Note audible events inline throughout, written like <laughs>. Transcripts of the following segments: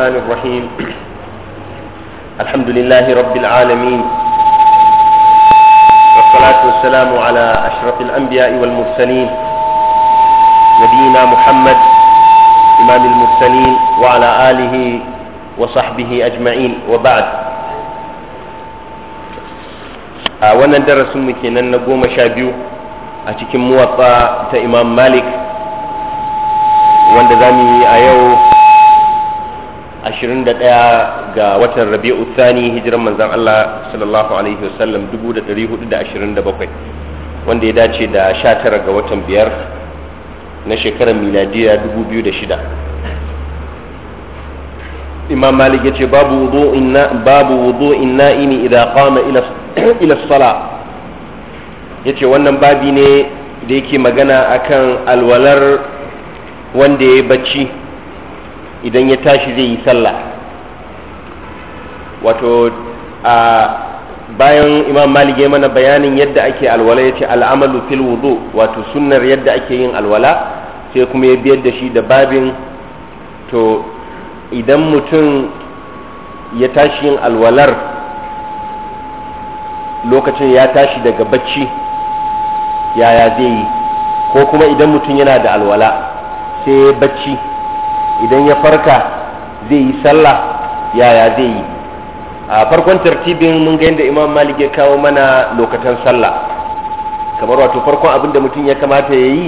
الرحمن الرحيم الحمد لله رب العالمين والصلاة والسلام على أشرف الأنبياء والمرسلين نبينا محمد إمام المرسلين وعلى آله وصحبه أجمعين وبعد wannan darasinmu kenan na goma sha biyu a cikin 21 ga watan rabi'u thani hijiran manzon Allah sallallahu alaihi wasallam 1427 wanda ya dace da 19 ga watan biyar na shekarar miladiya 2006 imam malik yace babu wudu'in na babu wudu'in na'imi idan qama ila <coughs> ila sala yace wannan babi ne da yake magana akan alwalar wanda ya yi bacci idan ya tashi zai yi sallah wato a bayan imam malik ya mana bayanin yadda ake alwala ya ce al'amalu fil wudu wato sunnar yadda ake yin alwala sai kuma ya biyar da shi da babin to idan mutum ya tashi yin alwalar lokacin ya tashi daga bacci yaya zai yi ko kuma idan mutum yana da alwala sai bacci idan ya farka zai yi sallah yaya zai yi a farkon tartibin mun ga yadda imam malik ya kawo mana lokacin sallah kamar wato farkon abin da mutum ya kamata ya yi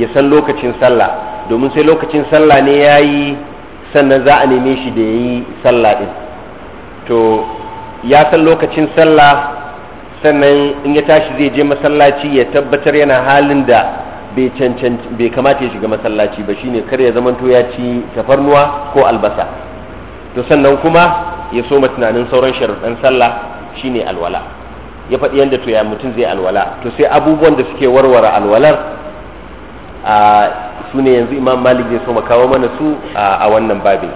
ya san lokacin sallah domin sai lokacin sallah ne ya yi sannan za a neme shi da ya yi sallah ɗin to ya san lokacin sallah sannan in ya tashi zai je masallaci ya tabbatar yana halin da bai cancan bai kamata ya shiga masallaci ba shine kar ya zamanto ya ci tafarnuwa ko albasa to sannan kuma ya soma tunanin sauran sharuɗan sallah shine alwala ya faɗi yadda to ya mutum zai alwala to sai abubuwan da suke warware alwalar a su ne yanzu imam malik zai soma kawo mana su a wannan babin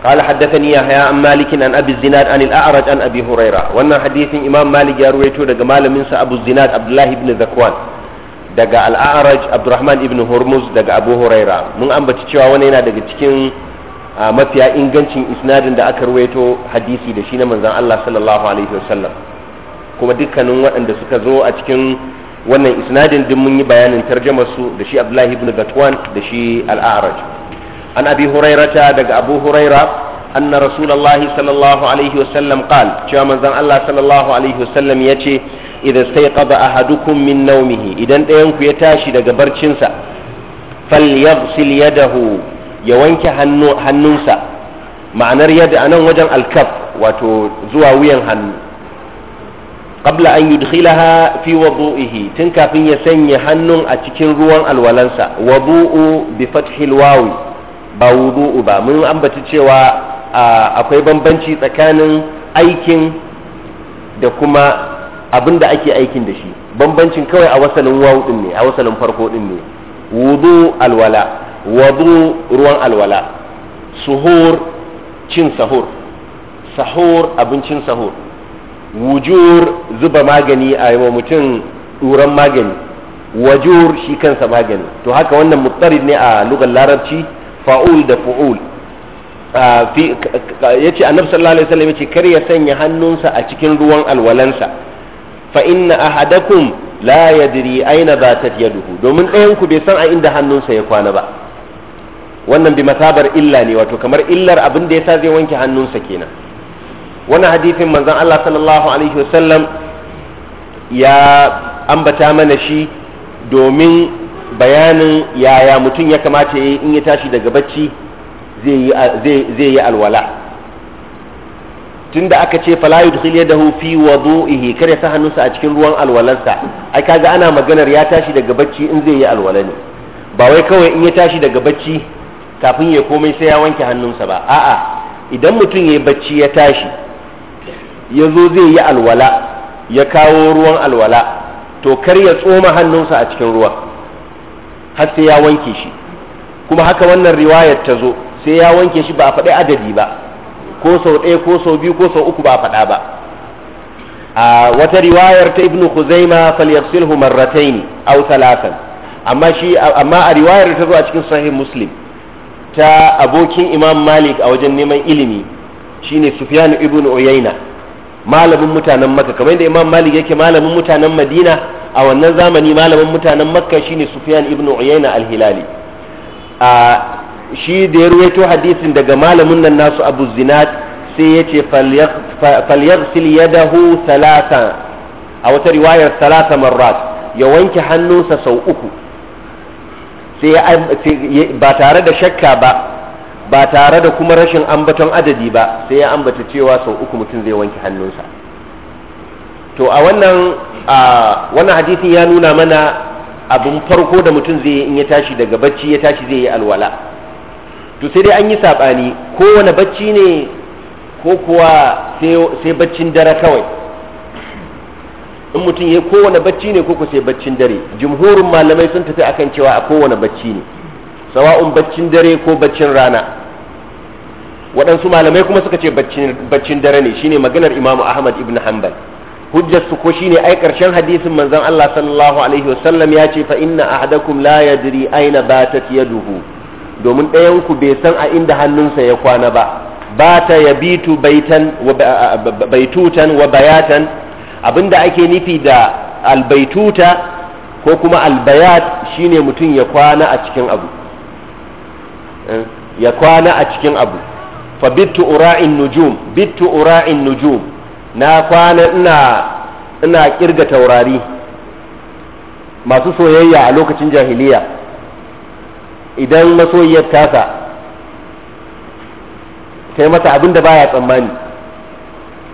قال حدثني يحيى عن مالك عن ابي الزناد عن الاعرج عن ابي هريره وان حديث امام مالك يا رويته daga malamin sa abu zinad abdullahi zakwan daga al'araj abdurrahman ibn hormuz daga abu huraira mun ambaci cewa wani yana daga cikin mafiya ingancin isnadin da aka ruwaito hadisi da shi na manzan allah sallallahu alaihi wasallam kuma dukkanin waɗanda suka zo a cikin wannan isnadin din mun yi bayanin tarjamar da shi abdullahi ibn gatwan da shi al'araj an abi hurairata daga abu huraira anna rasulullahi Sallallahu Alaihi wasallam عليه وسلم manzan جاء sallallahu alaihi wasallam الله عليه sai stayqaba ahadukum min nawmihi idan ɗayan ku ya tashi daga barcinsa falyaghsil yadahu ya wanke hannunsa ma'anar yadda anan wajen alkaf wato zuwa wuyan hannu qabla an yudkhilaha fi wudu'ihi tun kafin ya sanya hannun a cikin ruwan alwalansa wudu'u bi fathil waw ba wudu'u ba mun ambaci cewa akwai bambanci tsakanin aikin da kuma abin da ake aikin da shi bambancin kawai a wasalin wawu din ne a wasalin farko din ne wudu alwala wudu ruwan alwala suhur cin sahur sahur abincin sahur wujur zuba magani a yi mutum turan magani wajur shi kansa magani to haka wannan mutsarid ne a lugar larabci fa'ul da fa'ul ya ce annabi sallallahu alaihi wasallam ya ce kar ya sanya hannunsa a cikin ruwan alwalansa fa inna ahadakum la yadri aina batat yaduhu domin ɗayan ku bai san a inda hannunsa ya kwana ba wannan bi matabar illa ne wato kamar illar abin da yasa zai wanke hannunsa kenan wannan hadisin manzon Allah sallallahu alaihi wasallam ya ambata mana shi domin bayanin yaya mutum ya kamata in ya tashi daga bacci zai yi alwala tunda aka ce fala yudkhil yadahu fi wudu'ihi kare sa hannunsa a cikin ruwan alwalarsa ai kaga ana maganar ya tashi daga bacci in zai yi alwala ne ba wai kawai in ya tashi daga bacci kafin ya komai sai ya wanke hannunsa ba a'a idan mutum ya bacci ya tashi yazo zai yi alwala ya kawo ruwan alwala to kar ya tsoma hannunsa a cikin ruwa har sai ya wanke shi kuma haka wannan riwayar ta zo sai ya wanke shi ba a faɗi adadi ba ko sau ɗaya ko sau biyu ko sau uku ba faɗa ba a wata riwayar ta ibnu khuzaima falyaghsilhu marratayn aw thalathan amma shi amma a riwayar ta zo a cikin sahih muslim ta abokin imam malik a wajen neman ilimi shine sufyan ibn uyaina malamin mutanen makka kamar yadda imam malik yake malamin mutanen madina a wannan zamani malamin mutanen makka shine sufyan ibnu uyaina al-hilali shi da ya ruwaito hadisin daga malamin nan nasu abu zinat sai ya ce falyaghsil yadahu salata a wata riwayar salata marrat ya wanke hannunsa sau uku sai ba tare da shakka ba ba tare da kuma rashin ambaton adadi ba sai ya ambata cewa sau uku mutum zai wanke hannunsa to a wannan wannan hadisin ya nuna mana abin farko da mutum zai yi in ya tashi daga bacci ya tashi zai yi alwala to sai dai an yi saɓani kowane bacci ne ko kuwa sai baccin dare kawai in mutum ya yi kowane bacci ne ko kuwa sai baccin dare jimhurin malamai sun tafi akan cewa a kowane bacci ne sawa'un baccin dare ko baccin rana waɗansu malamai kuma suka ce baccin dare ne shine maganar imamu ahmad ibn hanbal hujjar su ko shine ai karshen hadisin manzon Allah sallallahu alaihi wasallam ya ce fa inna ahadakum la yadri aina batat yaduhu domin ɗayanku bai san a inda hannunsa ya kwana ba bata yabitu baitan wa baitutan wa bayatan abinda ake nufi da albaituta ko kuma albayat shine mutum ya kwana a cikin abu eh, ya kwana a cikin abu fa bitu ura'in nujum bitu ura'in nujum na kwana ina ina kirga taurari masu soyayya a lokacin jahiliya idan masoyiyar tasa ta yi masa abin da baya tsammani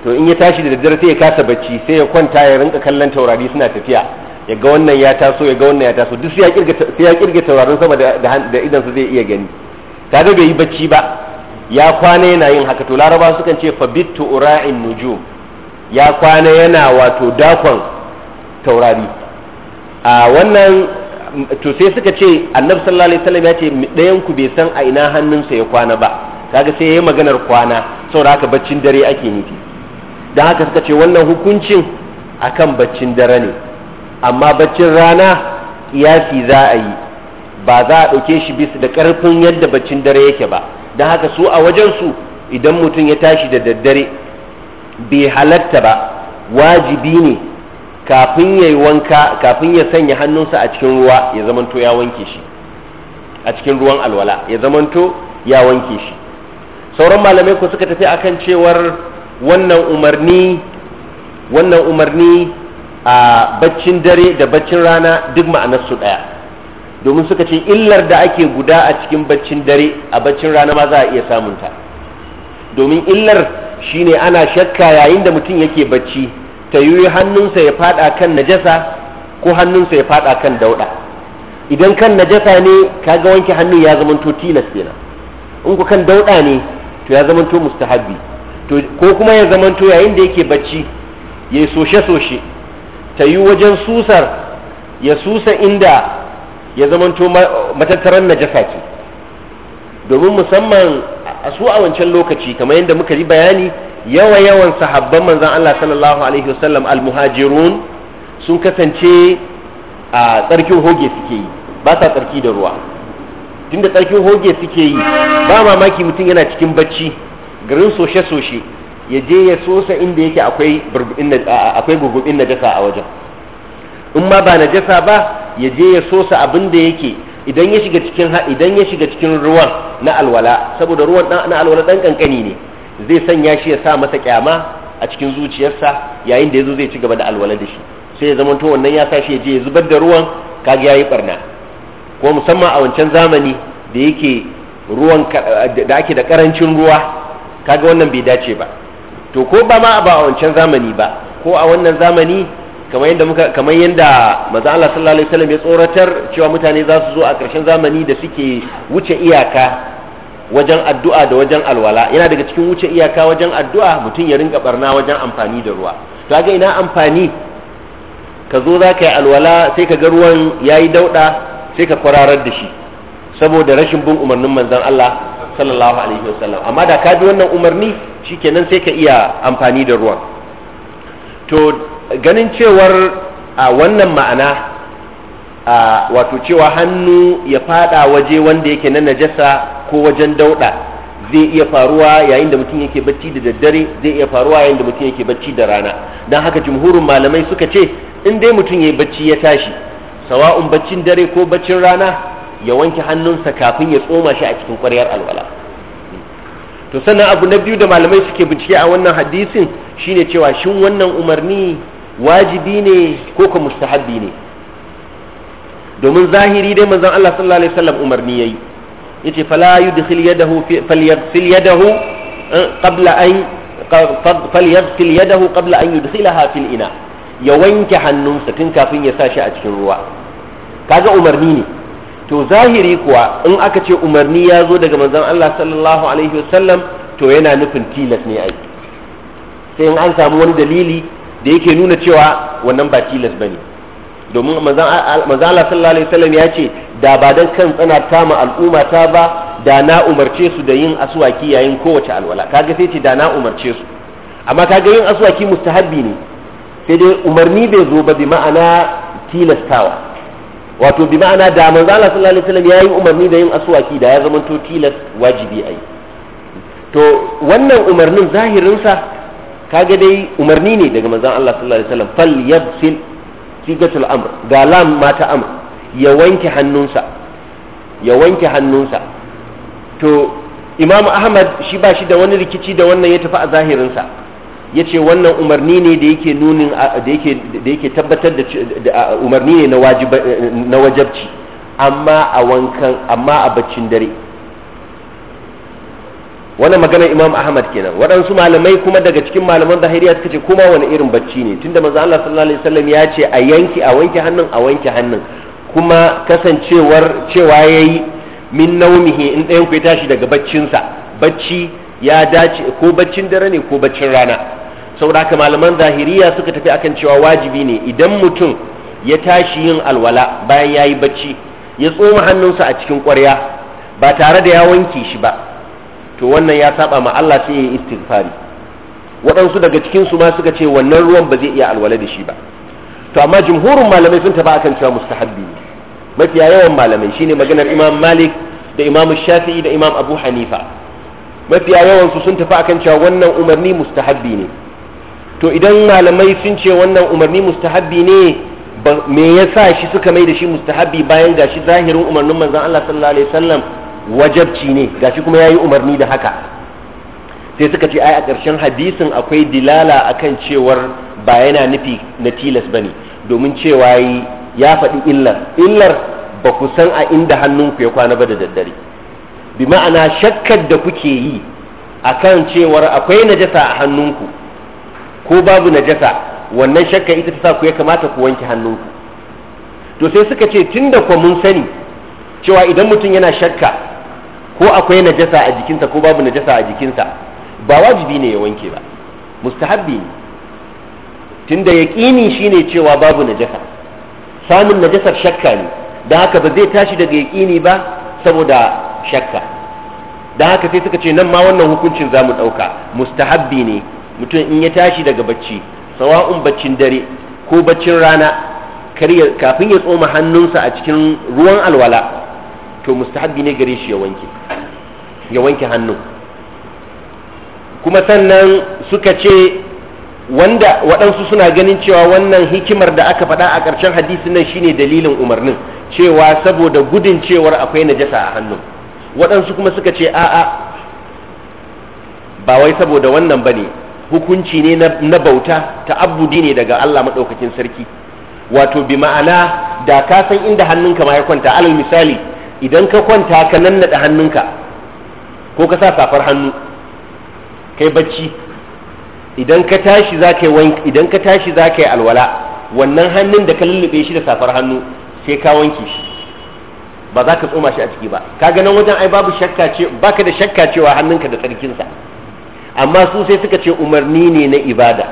to in ya tashi da daddare sai ya kasa bacci sai ya kwanta ya rinka kallon taurari suna tafiya ya ga wannan ya taso ya ga wannan ya taso duk sai ya kirga taurarin sama da su zai iya gani da bai yi bacci ba ya kwana yana yin haka to laraba sukan ce fabitu ura'in nujum ya kwana yana wato dakon taurari a wannan to sai suka ce annabi sallallahu alaihi wasallam ya ce ɗayan ku bai san a ina hannunsa ya kwana ba kaga sai yayi maganar kwana saboda haka baccin dare ake nufi dan haka suka ce wannan hukuncin akan baccin dare ne amma baccin rana kiyasi za a yi ba za a ɗauke shi bisa da ƙarfin yadda baccin dare yake ba dan haka su a wajen su idan mutum ya tashi da daddare bai halatta ba wajibi ne kafin ya yi wanka kafin ya sanya hannunsa a cikin ruwa ya zamanto ya wanke shi a cikin ruwan alwala ya zamanto ya wanke shi sauran malamai ku suka tafi akan cewar wannan umarni wannan umarni a baccin dare da baccin rana duk ma'anarsu ɗaya domin suka ce illar da ake guda a cikin baccin dare a baccin rana ma za a iya samunta domin illar shine ana shakka yayin da mutum yake bacci ta yi hannunsa ya fada kan najasa ko hannunsa ya fada kan dauda idan kan najasa ne kaga wanke hannun ya zamanto tilas kenan in ku kan dauda ne to ya zamanto mustahabi to ko kuma ya zamanto yayin da yake bacci ya soshe soshe ta yi wajen susar ya susa inda ya zamanto matattaran najasa ke domin musamman a su a wancan lokaci kamar yadda muka yi bayani yawa yawan sahabban manzan Allah sallallahu alaihi wasallam almuhajirun sun kasance a tsarkin hoge suke yi ba sa tsarki da ruwa tunda tsarkin hoge suke yi ba mamaki mutum yana cikin bacci garin soshe-soshe ya je ya sosa inda yake akwai gurgubin najasa a wajen in ma ba najasa ba ya je ya sosa abin da yake idan ya shiga cikin idan ya shiga cikin ruwan na alwala saboda ruwan na alwala dan kankani ne zai sanya shi ya sa masa kyama a cikin zuciyarsa yayin da ya zo zai ci gaba da alwala da shi sai ya zama zamanto wannan ya sa shi ya je ya zubar da ruwan kaga yayi barna ko musamman a wancan zamani da yake ruwan da ake da karancin ruwa kaga wannan bai dace ba to ko ba ma ba a wancan zamani ba ko a wannan zamani kamar yadda muka kamar yadda manzo Allah sallallahu alaihi wasallam ya tsoratar cewa mutane za su zo a ƙarshen zamani da suke wuce iyaka wajen addu'a da wajen alwala yana daga cikin wuce iyaka wajen addu'a mutum ya ringa barna wajen amfani da ruwa to ga ina amfani ka zo za ka yi alwala sai ka ga ruwan ya yi dauɗa sai ka kwararar da shi saboda rashin bin umarnin manzon Allah sallallahu alaihi wasallam amma da ka bi wannan umarni shikenan sai ka iya amfani da ruwan to ganin cewar a wannan ma'ana wato cewa hannu ya fada waje wanda yake na najasa ko wajen dauɗa zai iya faruwa yayin da mutum yake bacci da daddare zai iya faruwa yayin da mutum yake bacci da rana don haka jumhurin malamai suka ce in dai mutum ya bacci ya tashi sawa'un baccin dare ko baccin rana ya wanke hannunsa kafin ya tsoma shi a cikin ƙwaryar alwala to sannan abu na biyu da malamai suke bincike a wannan hadisin shine cewa shin wannan umarni wajibi ne ko ko mustahabbi ne domin zahiri dai manzon Allah sallallahu alaihi wasallam umarni yayi yace fala yudkhil yadahu falyaghsil yadahu eh, qabla an falyaghsil yadahu qabla an yudkhilaha fil ina ya wanke hannunsa tun kafin ya sa shi a cikin ruwa kaga umarni ne to zahiri kuwa in aka ce umarni ya zo daga manzon Allah sallallahu alaihi wasallam to yana nufin tilas ne ai sai in an samu wani dalili da yake nuna cewa wannan ba tilas bane domin manzan Allah sallallahu alaihi wasallam ya ce da ba dan kan tsana ta ma al'umma ta ba da na umarce su da yin aswaki yayin kowace alwala kaga sai ce da na umarce su amma kaga yin aswaki mustahabbi ne sai dai umarni bai zo ba bi ma'ana tilastawa wato bi ma'ana da manzan Allah sallallahu alaihi wasallam yayi umarni da yin aswaki da ya zama to tilas wajibi ai to wannan umarnin zahirin sa kaga dai umarni ne daga manzan Allah sallallahu alaihi wasallam fal yabsil sigatul amr ga lam mata ta amr ya wanke hannunsa ya wanke hannunsa to imamu ahmad shi ba shi da wani rikici da wannan ya tafi a zahirinsa ya ce wannan umarni ne da yake nunin da yake tabbatar da umarni ne na wajabci amma a wankan amma a baccin dare wannan maganar imam ahmad kenan waɗansu malamai kuma daga cikin malaman zahiriya suka ce kuma wani irin bacci ne tunda manzo Allah sallallahu alaihi wasallam ya ce a yanki a wanke hannun a wanke hannun kuma kasancewar cewa yayi min nawmihi in ɗayan ku ya tashi daga baccinsa bacci ya dace ko baccin dare ne ko baccin rana saboda haka malaman zahiriya suka tafi akan cewa wajibi ne idan mutum ya tashi yin alwala bayan yayi bacci ya tsoma hannunsa a cikin ƙwarya ba tare da ya wanke shi ba to wannan ya saba ma Allah sai ya yi istighfari waɗansu daga cikin su ma suka ce wannan ruwan ba zai iya alwala da shi ba to amma jumhurun malamai sun taba akan cewa mustahabbi ne mafiya yawan malamai shine maganar Imam Malik da Imam Shafi'i da Imam Abu Hanifa mafiya yawan su sun tafi akan cewa wannan umarni mustahabbi ne to idan malamai sun ce wannan umarni mustahabbi ne me yasa shi suka mai da shi mustahabbi bayan gashi zahirin umarnin manzon Allah sallallahu alaihi wasallam wajabci ne gashi kuma ya yi umarni da haka sai suka ce ai a ƙarshen hadisin akwai dilala akan cewar ba yana nufi na tilas ba ne domin cewa yi ya faɗi illar illar ba ku san a inda hannunku ya kwana ba da daddare bi ma'ana shakkar da kuke yi akan cewar akwai najasa a hannunku ko babu najasa wannan shakka ita ta sa ku ya kamata ku wanke hannunku to sai suka ce tunda ku mun sani cewa idan mutum yana shakka ko akwai najasa a jikinsa ko babu najasa a jikinsa ba wajibi ne ya wanke ba mustahabbi ne tunda yaqini shine cewa babu najasa samun najasar shakka ne dan haka ba zai tashi daga yaqini ba saboda shakka dan haka sai suka ce nan ma wannan hukuncin zamu ɗauka, mustahabbi ne mutum in ya tashi daga bacci sawa'un baccin dare ko baccin rana kafin ya tsoma hannunsa a cikin ruwan alwala to mustahabbi ne gare shi ya wanke ya wanke hannu kuma sannan suka ce wanda waɗansu suna ganin cewa wannan hikimar da aka faɗa a ƙarshen hadisi nan shine dalilin umarnin cewa saboda gudun cewar akwai najasa a hannu waɗansu kuma suka ce a'a ba wai saboda wannan bane hukunci ne na bauta ta ta'abbudi ne daga Allah maɗaukakin sarki wato bi ma'ana da ka san inda hannunka ma ya kwanta alal misali idan ka kwanta ka nannaɗe hannunka ko ka sa safar hannu kai bacci idan ka tashi za ka yi alwala wannan hannun da ka lullube shi da safar hannu sai ka wanke shi ba za ka tsoma shi a ciki ba ka ganin wajen ai babu shakka ce baka da shakka cewa hannunka da tsarkinsa amma su sai suka ce umarni ne na ibada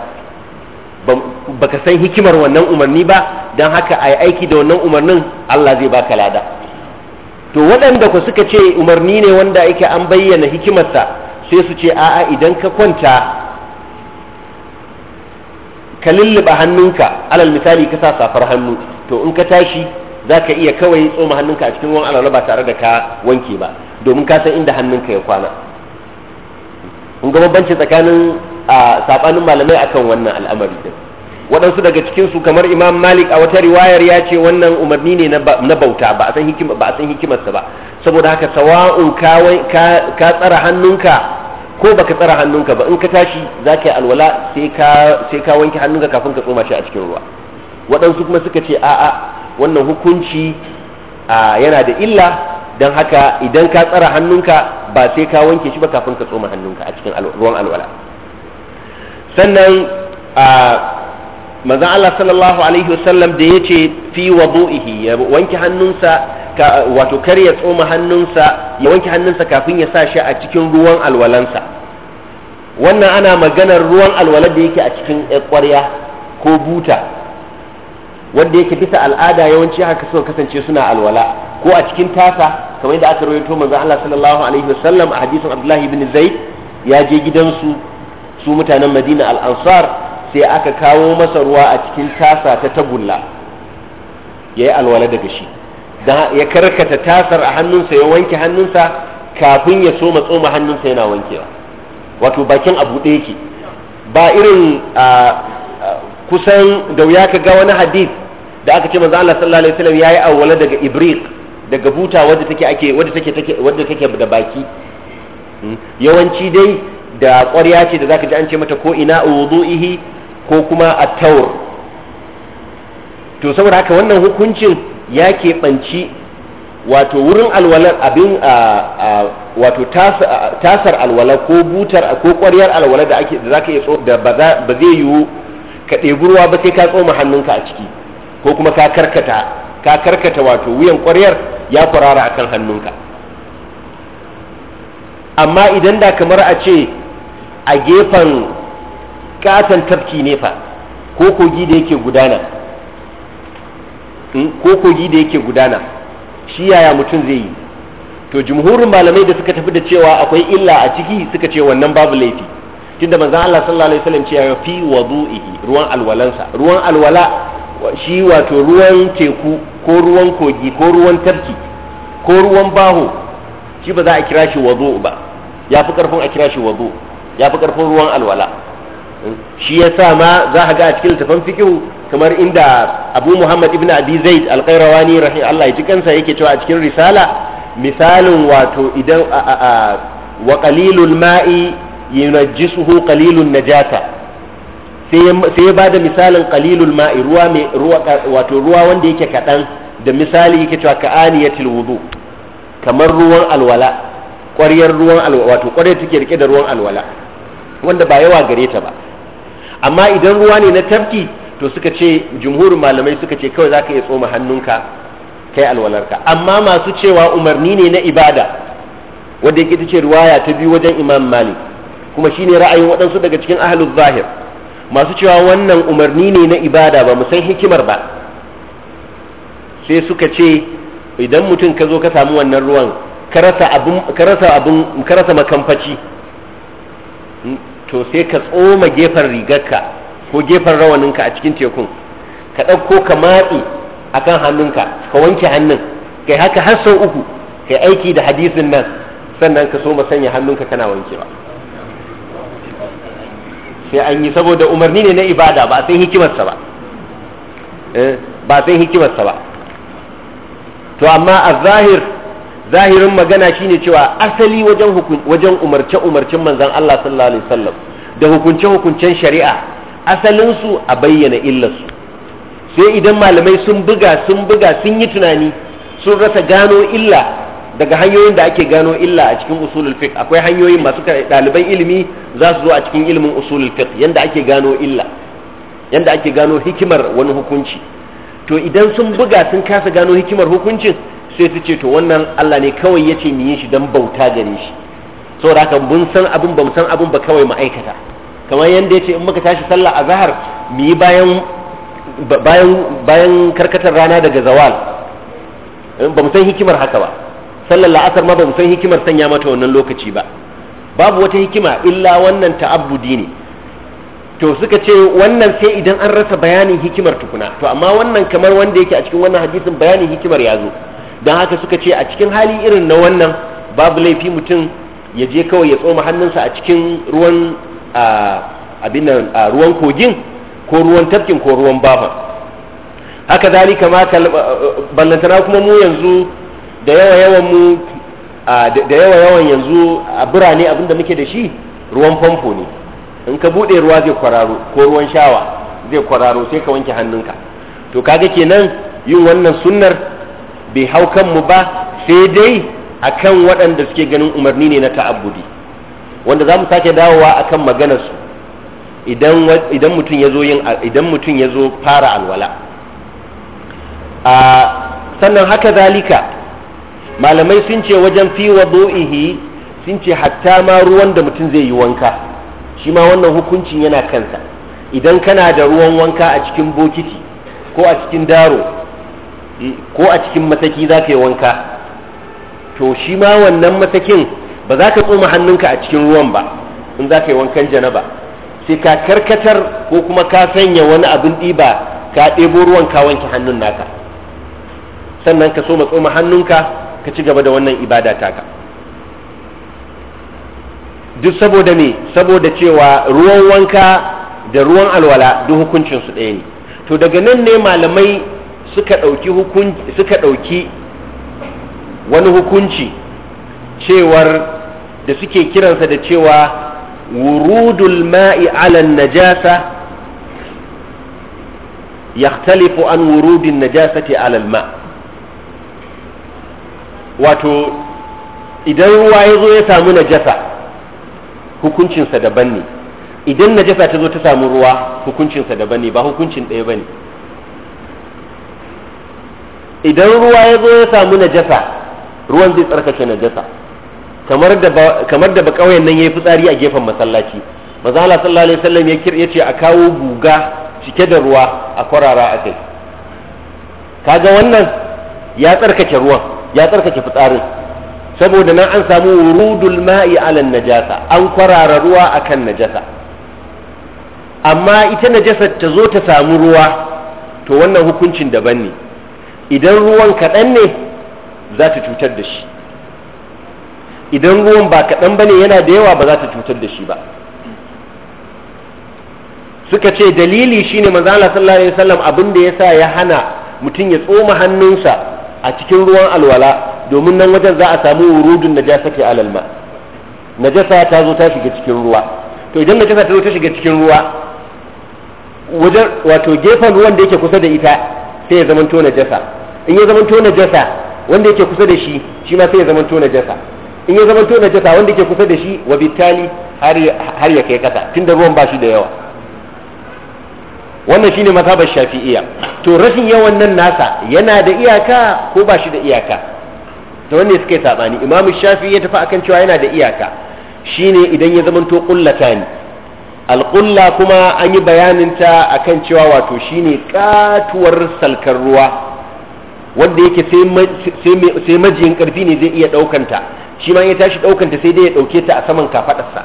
baka san hikimar wannan umarni ba don haka ai aiki da wannan umarnin Allah zai baka lada to waɗanda ku suka ce umarni ne wanda yake an bayyana hikimarsa sai su ce a'a idan ka kwanta ka lulluɓa hannunka alal misali ka sa safar hannu to in ka tashi za ka iya kawai tsoma hannunka a cikin ruwan ba tare da ka wanke ba domin ka san inda hannunka ya kwana in ga bambanci tsakanin a sabanin malamai akan wannan al'amari din waɗansu daga cikinsu kamar imam malik a wata riwayar ya ce wannan umarni ne na bauta ba a san hikimarsa ba saboda haka sawa'un ka tsara hannunka ko baka tsara hannunka ba in ka tashi za ka yi alwala sai ka wanke hannunka kafin ka tsoma shi a cikin ruwa waɗansu kuma suka ce a'a wannan hukunci yana da illa don haka idan ka tsara hannunka ba sai ka wanke shi ba kafin ka tsoma hannunka a cikin ruwan alwala sannan manzon Allah sallallahu alaihi wasallam da yace fi wudu'ihi ya wanke hannunsa wato kar ya tsoma hannunsa ya wanke hannunsa kafin ya sa shi a cikin ruwan alwalansa wannan ana maganar ruwan alwala da yake a cikin ƙwarya ko buta wanda yake bisa al'ada yawanci haka suka kasance suna alwala ko a cikin tasa kamar yadda aka rawaito manzon Allah sallallahu alaihi wasallam a hadisin Abdullah ibn Zaid ya je gidansu su mutanen Madina al-Ansar sai aka kawo masa ruwa a cikin tasa ta tagulla ya yi alwala daga shi ya karkata tasar a hannunsa ya wanke hannunsa kafin ya soma tsoma hannunsa yana wankewa wato bakin abu ɗaya ke ba irin kusan da wuya ka ga wani hadith da aka ce manzo Allah sallallahu alaihi wasallam yayi awwala daga ibriq daga buta wadda take ake wadda take take wadda take da baki hmm. yawanci dai da ƙwarya ce da zaka ji an ce mata ko ina wudu'ihi ko kuma a taur to saboda haka wannan hukuncin ya keɓanci wato wurin alwalar abin a wato tasar alwala ko butar ko ƙwaryar alwala da ake da iya da ba zai yiwu ka ɗeburwa ba sai ka tsoma hannunka a ciki ko kuma ka karkata ka karkata wato wuyan ƙwaryar ya kwarara kan hannunka amma idan da kamar a ce a gefen katon tafki ne fa ko kogi da yake gudana hmm? ko kogi da yake gudana shi yaya mutum zai yi to jumhurin malamai da suka tafi da cewa akwai illa a ciki suka ce wannan babu laifi tunda manzon Allah sallallahu alaihi wasallam ya fi wudu'ihi ruwan alwalansa ruwan alwala shi wato ruwan teku ko ruwan kogi ko ruwan tafki ko ruwan baho shi ba za a kira shi wudu'u ba ya fi karfin a kira shi wudu ya fi karfin ruwan alwala shi ya sa ma za a ga a cikin littafan fikihu kamar inda abu muhammad ibn abi zaid alƙairawani rahim allah ya ji kansa yake cewa a cikin risala misalin wato idan wa qalilul ma'i yunajjisuhu qalilun najata sai ya da misalin qalilul ma'i ruwa mai ruwa wato ruwa wanda yake kaɗan da misali yake cewa ka ya wudu kamar ruwan alwala ƙwaryar ruwan alwala wato ƙwaryar take rike da ruwan alwala wanda ba yawa gare ta ba amma idan ruwa ne na tafki to suka ce jumhurin malamai suka ce kawai zaka iya tsoma hannunka kai alwalarka amma masu cewa umarni ne na ibada wanda yake ta ce ta biyu wajen imam malik kuma shine ra'ayin waɗansu daga cikin ahlul zahir masu cewa wannan umarni ne na ibada ba mu san hikimar ba sai suka ce idan mutum ka zo ka samu wannan ruwan karasa rasa karasa makamfaci to sai ka tsoma gefen rigarka ko gefen rawaninka a cikin tekun ka ɗauko ka matsi a kan hannunka ka wanke hannun kai haka har sau uku kai aiki da hadisin nan sannan ka so sanya hannunka kana wankewa sai an yi saboda umarni ne na ibada ba san hikimarsa ba eh, ba san hikimarsa ba to amma a zahir zahirin magana shine cewa asali wajen wajen umarce umarcin manzon Allah sallallahu alaihi wasallam da hukunce hukuncen shari'a asalin su a bayyana illarsu sai idan malamai sun buga sun buga sun yi tunani sun rasa gano illa daga hanyoyin da ake gano illa a cikin usulul fiqh akwai hanyoyin masu ɗaliban ilimi za su zo a cikin ilimin usulul fiqh yanda ake gano illa yanda ake gano hikimar wani hukunci to idan sun buga sun kasa gano hikimar hukuncin sai su ce to wannan Allah ne kawai ya ce mu yi shi don bauta gare shi saboda haka mun san abin ba mu san abin ba kawai mu aikata kamar yadda ya ce in muka tashi sallah a zahar mu yi bayan bayan bayan karkatar rana daga zawal ba mu san hikimar haka ba sallar la'asar ma ba mu san hikimar sanya mata wannan lokaci ba babu wata hikima illa wannan ta'abbudi ne to suka ce wannan sai idan an rasa bayanin hikimar tukuna to amma wannan kamar wanda yake a cikin wannan hadisin bayanin hikimar ya zo don haka suka ce a cikin hali irin na wannan babu laifi mutum ya je kawai ya tsoma hannunsa a cikin ruwan abin ruwan kogin ko ruwan tafkin ko ruwan bafa haka zalika ma ballantana kuma mu yanzu da yawa yawan mu da yawa yawan yanzu a birane abin da muke da shi ruwan famfo ne in ka buɗe ruwa zai kwararo ko ruwan shawa zai kwararo sai ka wanke hannunka to kaga kenan yin wannan sunnar bai hau kanmu ba sai dai a kan waɗanda suke ganin umarni ne na ta'abudi wanda za mu sake dawowa a kan maganarsu idan mutum ya zo fara alwala sannan haka zalika malamai sun ce wajen fi wadu'ihi sun ce hatta ma ruwan da mutum zai yi wanka shi ma wannan hukuncin yana kansa idan kana da ruwan wanka a cikin bokiti ko a cikin daro ko a cikin mataki za ka yi wanka to shi ma wannan matakin ba za ka tsoma hannunka a cikin ruwan ba in za ka yi wankan jana ba sai ka karkatar ko kuma ka sanya wani abin ɗiba ka ɗebo ruwan ka wanke hannun naka sannan ka so ma tsoma hannunka ka ci gaba da wannan ibada taka duk saboda ne saboda cewa ruwan wanka da ruwan alwala duk hukuncin su ɗaya ne to daga nan ne malamai suka ɗauki hukunci suka ɗauki wani hukunci cewar da suke kiransa da cewa wurudul ma'i ala najasa yakhtalifu an wurudin najasati ala ma wato idan ruwa ya zo ya samu najasa hukuncinsa daban ne idan najasa ta zo ta samu ruwa hukuncinsa daban ne ba hukuncin ɗaya ba ne idan ruwa ya zo ya samu najasa ruwan zai tsarkake najasa kamar da kamar da nan nan yayi fitsari a gefen masallaci manzo Allah sallallahu alaihi wasallam ya kirye ce a kawo guga cike da ruwa a kwarara a kai kaga wannan ya tsarkake ruwan ya tsarkake fitsarin saboda nan an samu wurudul ma'i ala najasa an kwarara ruwa akan najasa amma ita najasar ta zo ta samu ruwa to wannan hukuncin daban ne idan ruwan kaɗan ne za ta cutar da shi idan ruwan ba kaɗan ba ne yana da yawa ba za ta cutar da shi ba suka ce dalili shine ne Allah sallallahu alaihi wasallam abin da sa ya hana mutum ya tsoma hannunsa a cikin ruwan alwala domin nan wajen za a samu wurudun najasati alal ma najasa ta zo ta shiga cikin ruwa to idan najasa ta zo ta shiga cikin ruwa wajen wato gefen ruwan da yake kusa da ita sai ya zamanto jasa. in ya zamanto jasa wanda yake kusa da shi shi ma sai ya zamanto jasa. in ya zamanto jasa wanda yake kusa da shi wa bitali har ya kai kasa tunda ruwan ba shi da yawa wannan shine mazhabar shafi'iyya to rashin yawan nan nasa yana da iyaka ko ba shi da iyaka to wanne suka yi sabani imamu shafi'i ya tafi akan cewa yana da iyaka shine idan ya zamanto kullata alƙulla kuma an yi bayaninta a kan cewa wato shine katuwar salkar ruwa wanda yake sai majiyin ƙarfi ne zai iya ɗaukanta shi ma ya tashi ɗaukanta sai dai ya ɗauke ta a saman kafaɗarsa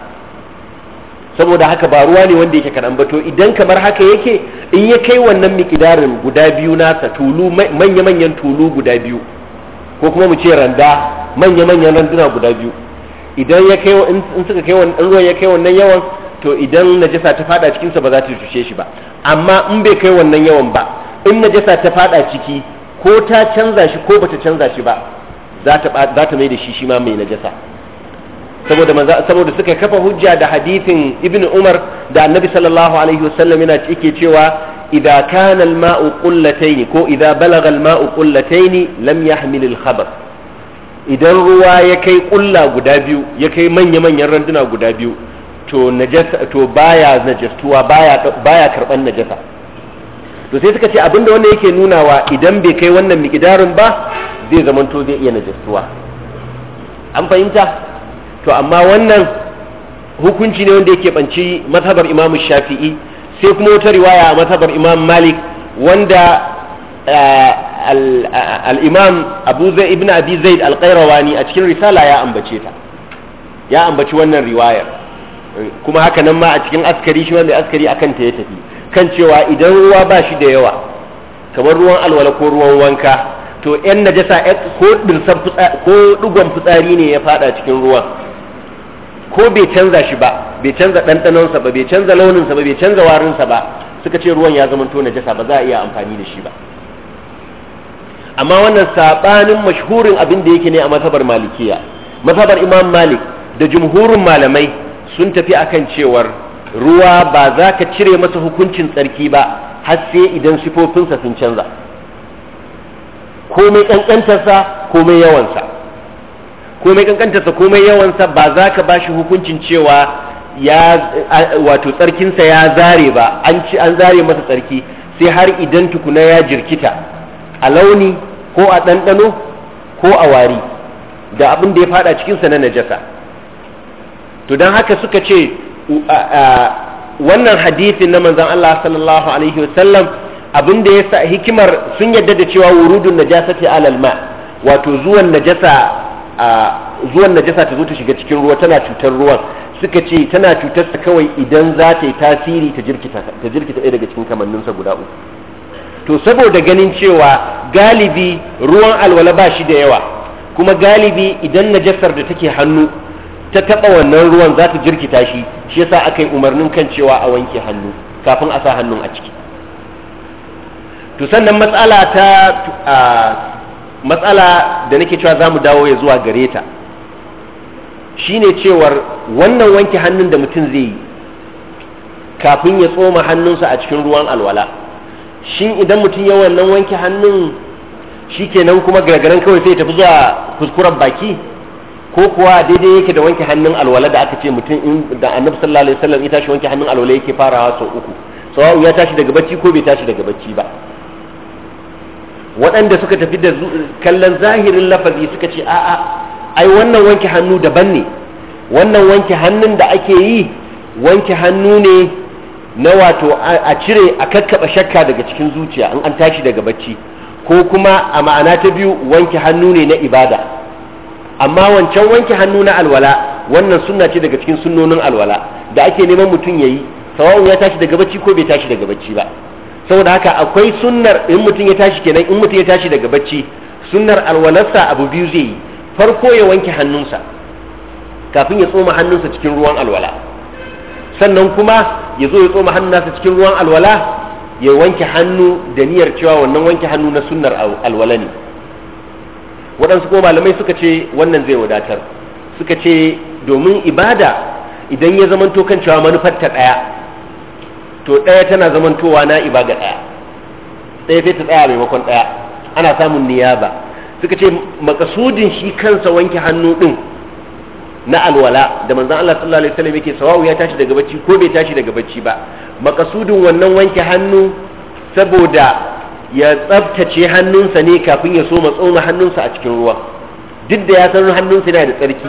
saboda haka ba ruwa ne wanda yake kaɗan to idan kamar haka yake in ya kai wannan mikidarin guda biyu nasa tulu manya-manyan tulu guda biyu ko kuma mu ce randa manya-manyan randuna guda biyu idan ya kai in suka kai wannan ruwan ya kai wannan yawan to idan najasa ta fada cikinsa sa ba za ta cuce shi ba amma in bai kai wannan yawan ba in najasa ta fada ciki ko ta canza shi ko bata canza shi ba za ta za ta mai da shi shi ma mai najasa saboda manzo saboda suka kafa hujja da hadithin ibnu umar da annabi sallallahu alaihi wasallam yana yake cewa idza kana al-ma'u qullatayn ko idza balagha al-ma'u qullatayn lam yahmil al-khabar idan ruwa ya kai kulla guda biyu ya kai manya-manyan randuna guda biyu to najasa to baya najastuwa baya baya karban najasa to sai suka ce abinda wannan yake nunawa idan bai kai wannan miqdarin ba zai zamanto zai iya najastuwa an fahimta to amma wannan hukunci ne wanda yake banci mazhabar imamu Shafi'i sai kuma wata riwaya a mazhabar Imam Malik wanda eh, al-Imam Abu zai ibn Abi Zaid al qairawani a cikin risala ya ambace ta ya ambaci wannan riwayar kuma haka nan ma a cikin askari shi ma mai askari akan ta ya tafi kan cewa idan ruwa ba shi da yawa kamar ruwan alwala ko ruwan wanka to yan najasa ko dirsan ko dugon fitsari ne ya fada cikin ruwan ko bai canza shi ba bai canza sa ba bai canza launin sa ba bai canza warin sa ba suka ce ruwan ya zama to najasa ba za a iya amfani da shi ba amma wannan sabanin mashhurin abin da yake ne a mazhabar malikiya mazhabar imam malik da jumhurin malamai sun tafi akan cewar ruwa ba za ka cire masa hukuncin tsarki ba har sai idan sifofinsa sun canza komai kankantarsa komai yawansa komai kankantarsa komai yawansa ba za ka ba shi hukuncin cewa ya wato tsarkinsa ya zare ba an ci an zare masa tsarki sai har idan tukuna ya jirkita a launi ko a ɗanɗano ko a wari da abin da ya fada cikinsa na najasa to don haka suka ce wannan hadithin na manzon Allah sallallahu alaihi wasallam abin da yasa hikimar sun yadda da cewa wurudun najasati alal ma wato zuwan najasa zuwan najasa ta zo ta shiga cikin ruwa tana cutar ruwan suka ce tana cutar ta kawai idan za ta yi tasiri ta jirkita ta jirkita daga cikin kamanninsa guda uku to saboda ganin cewa galibi ruwan alwala ba shi da yawa kuma galibi idan najasar da take hannu ta taɓa wannan ruwan za ta jirkita shi shi yasa aka yi umarnin kan cewa a wanke hannu kafin a sa hannun a ciki to sannan matsala ta matsala da nake cewa za mu dawo ya zuwa gare ta shine cewar wannan wanke hannun da mutum zai yi kafin ya tsoma hannunsa a cikin ruwan alwala shi idan mutum ya wannan wanke hannun shi kenan kuma gagaran kawai sai tafi zuwa kuskuren baki ko kuwa daidai yake da wanke hannun alwala da aka ce mutum in da annabi sallallahu alaihi wasallam ya tashi wanke hannun alwala yake farawa sau uku sawa'u ya tashi daga bacci ko bai tashi daga bacci ba waɗanda suka tafi da kallon zahirin lafazi suka ce a'a ai wannan wanke hannu daban ne wannan wanke hannun da ake yi wanke hannu ne na wato a cire a kakkaba shakka daga cikin zuciya in an tashi daga bacci ko kuma a ma'ana ta biyu wanke hannu ne na ibada amma wancan wanke hannu na alwala wannan sunna ce daga cikin sunnonin alwala da ake neman mutum ya yi sawa'un ya tashi daga bacci ko bai tashi daga bacci ba saboda haka akwai sunnar in mutum ya tashi kenan in mutum ya tashi daga bacci sunnar alwalarsa abu biyu zai yi farko ya wanke hannunsa kafin ya tsoma hannunsa cikin ruwan alwala sannan kuma ya zo ya tsoma hannunsa cikin ruwan alwala ya wanke hannu da niyyar cewa wannan wanke hannu na sunnar alwala ne waɗansu ko malamai suka ce wannan zai wadatar suka ce domin ibada idan ya zamanto kan cewa manufar ta ɗaya to ɗaya tana zamantowa na iba ga ɗaya ɗaya sai ta tsaya maimakon ɗaya ana samun niyaba suka ce makasudin shi kansa wanke hannu ɗin na alwala da manzon Allah sallallahu alaihi wasallam yake sawa'u ya tashi daga bacci ko bai tashi daga bacci ba makasudin wannan wanke hannu saboda ya tsabtace hannunsa ne kafin ya soma tsoma hannunsa a cikin ruwa duk da ya san hannunsa yana da tsarki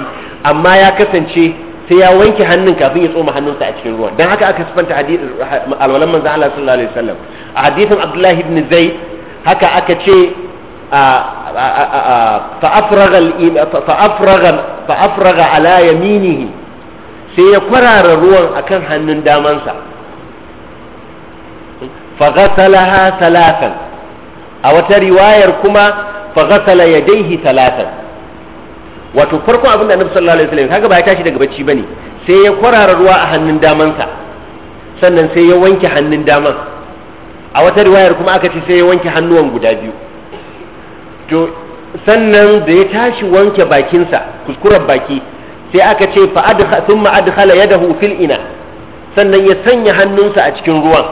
amma ya kasance sai ya wanke hannun kafin ya tsoma hannunsa a cikin ruwa don haka aka sifanta alwalan manzan Allah sallallahu alaihi wasallam a hadithin Abdullahi ibn Zaid haka aka ce fa afraga ala yaminihi sai ya kwarara ruwan akan hannun damansa fa ghasalaha salatan a wata riwayar kuma fa ghasala yadayhi talatan wato farko abin da annabi sallallahu alaihi wasallam kaga ba ya tashi daga bacci bane sai ya kwarara ruwa a hannun damansa sannan sai ya wanke hannun daman a wata riwayar kuma aka ce sai ya wanke hannuwan guda biyu to sannan da ya tashi wanke bakinsa kuskuren baki sai aka ce fa adkha thumma adkhala yadahu fil ina sannan ya sanya hannunsa a cikin ruwan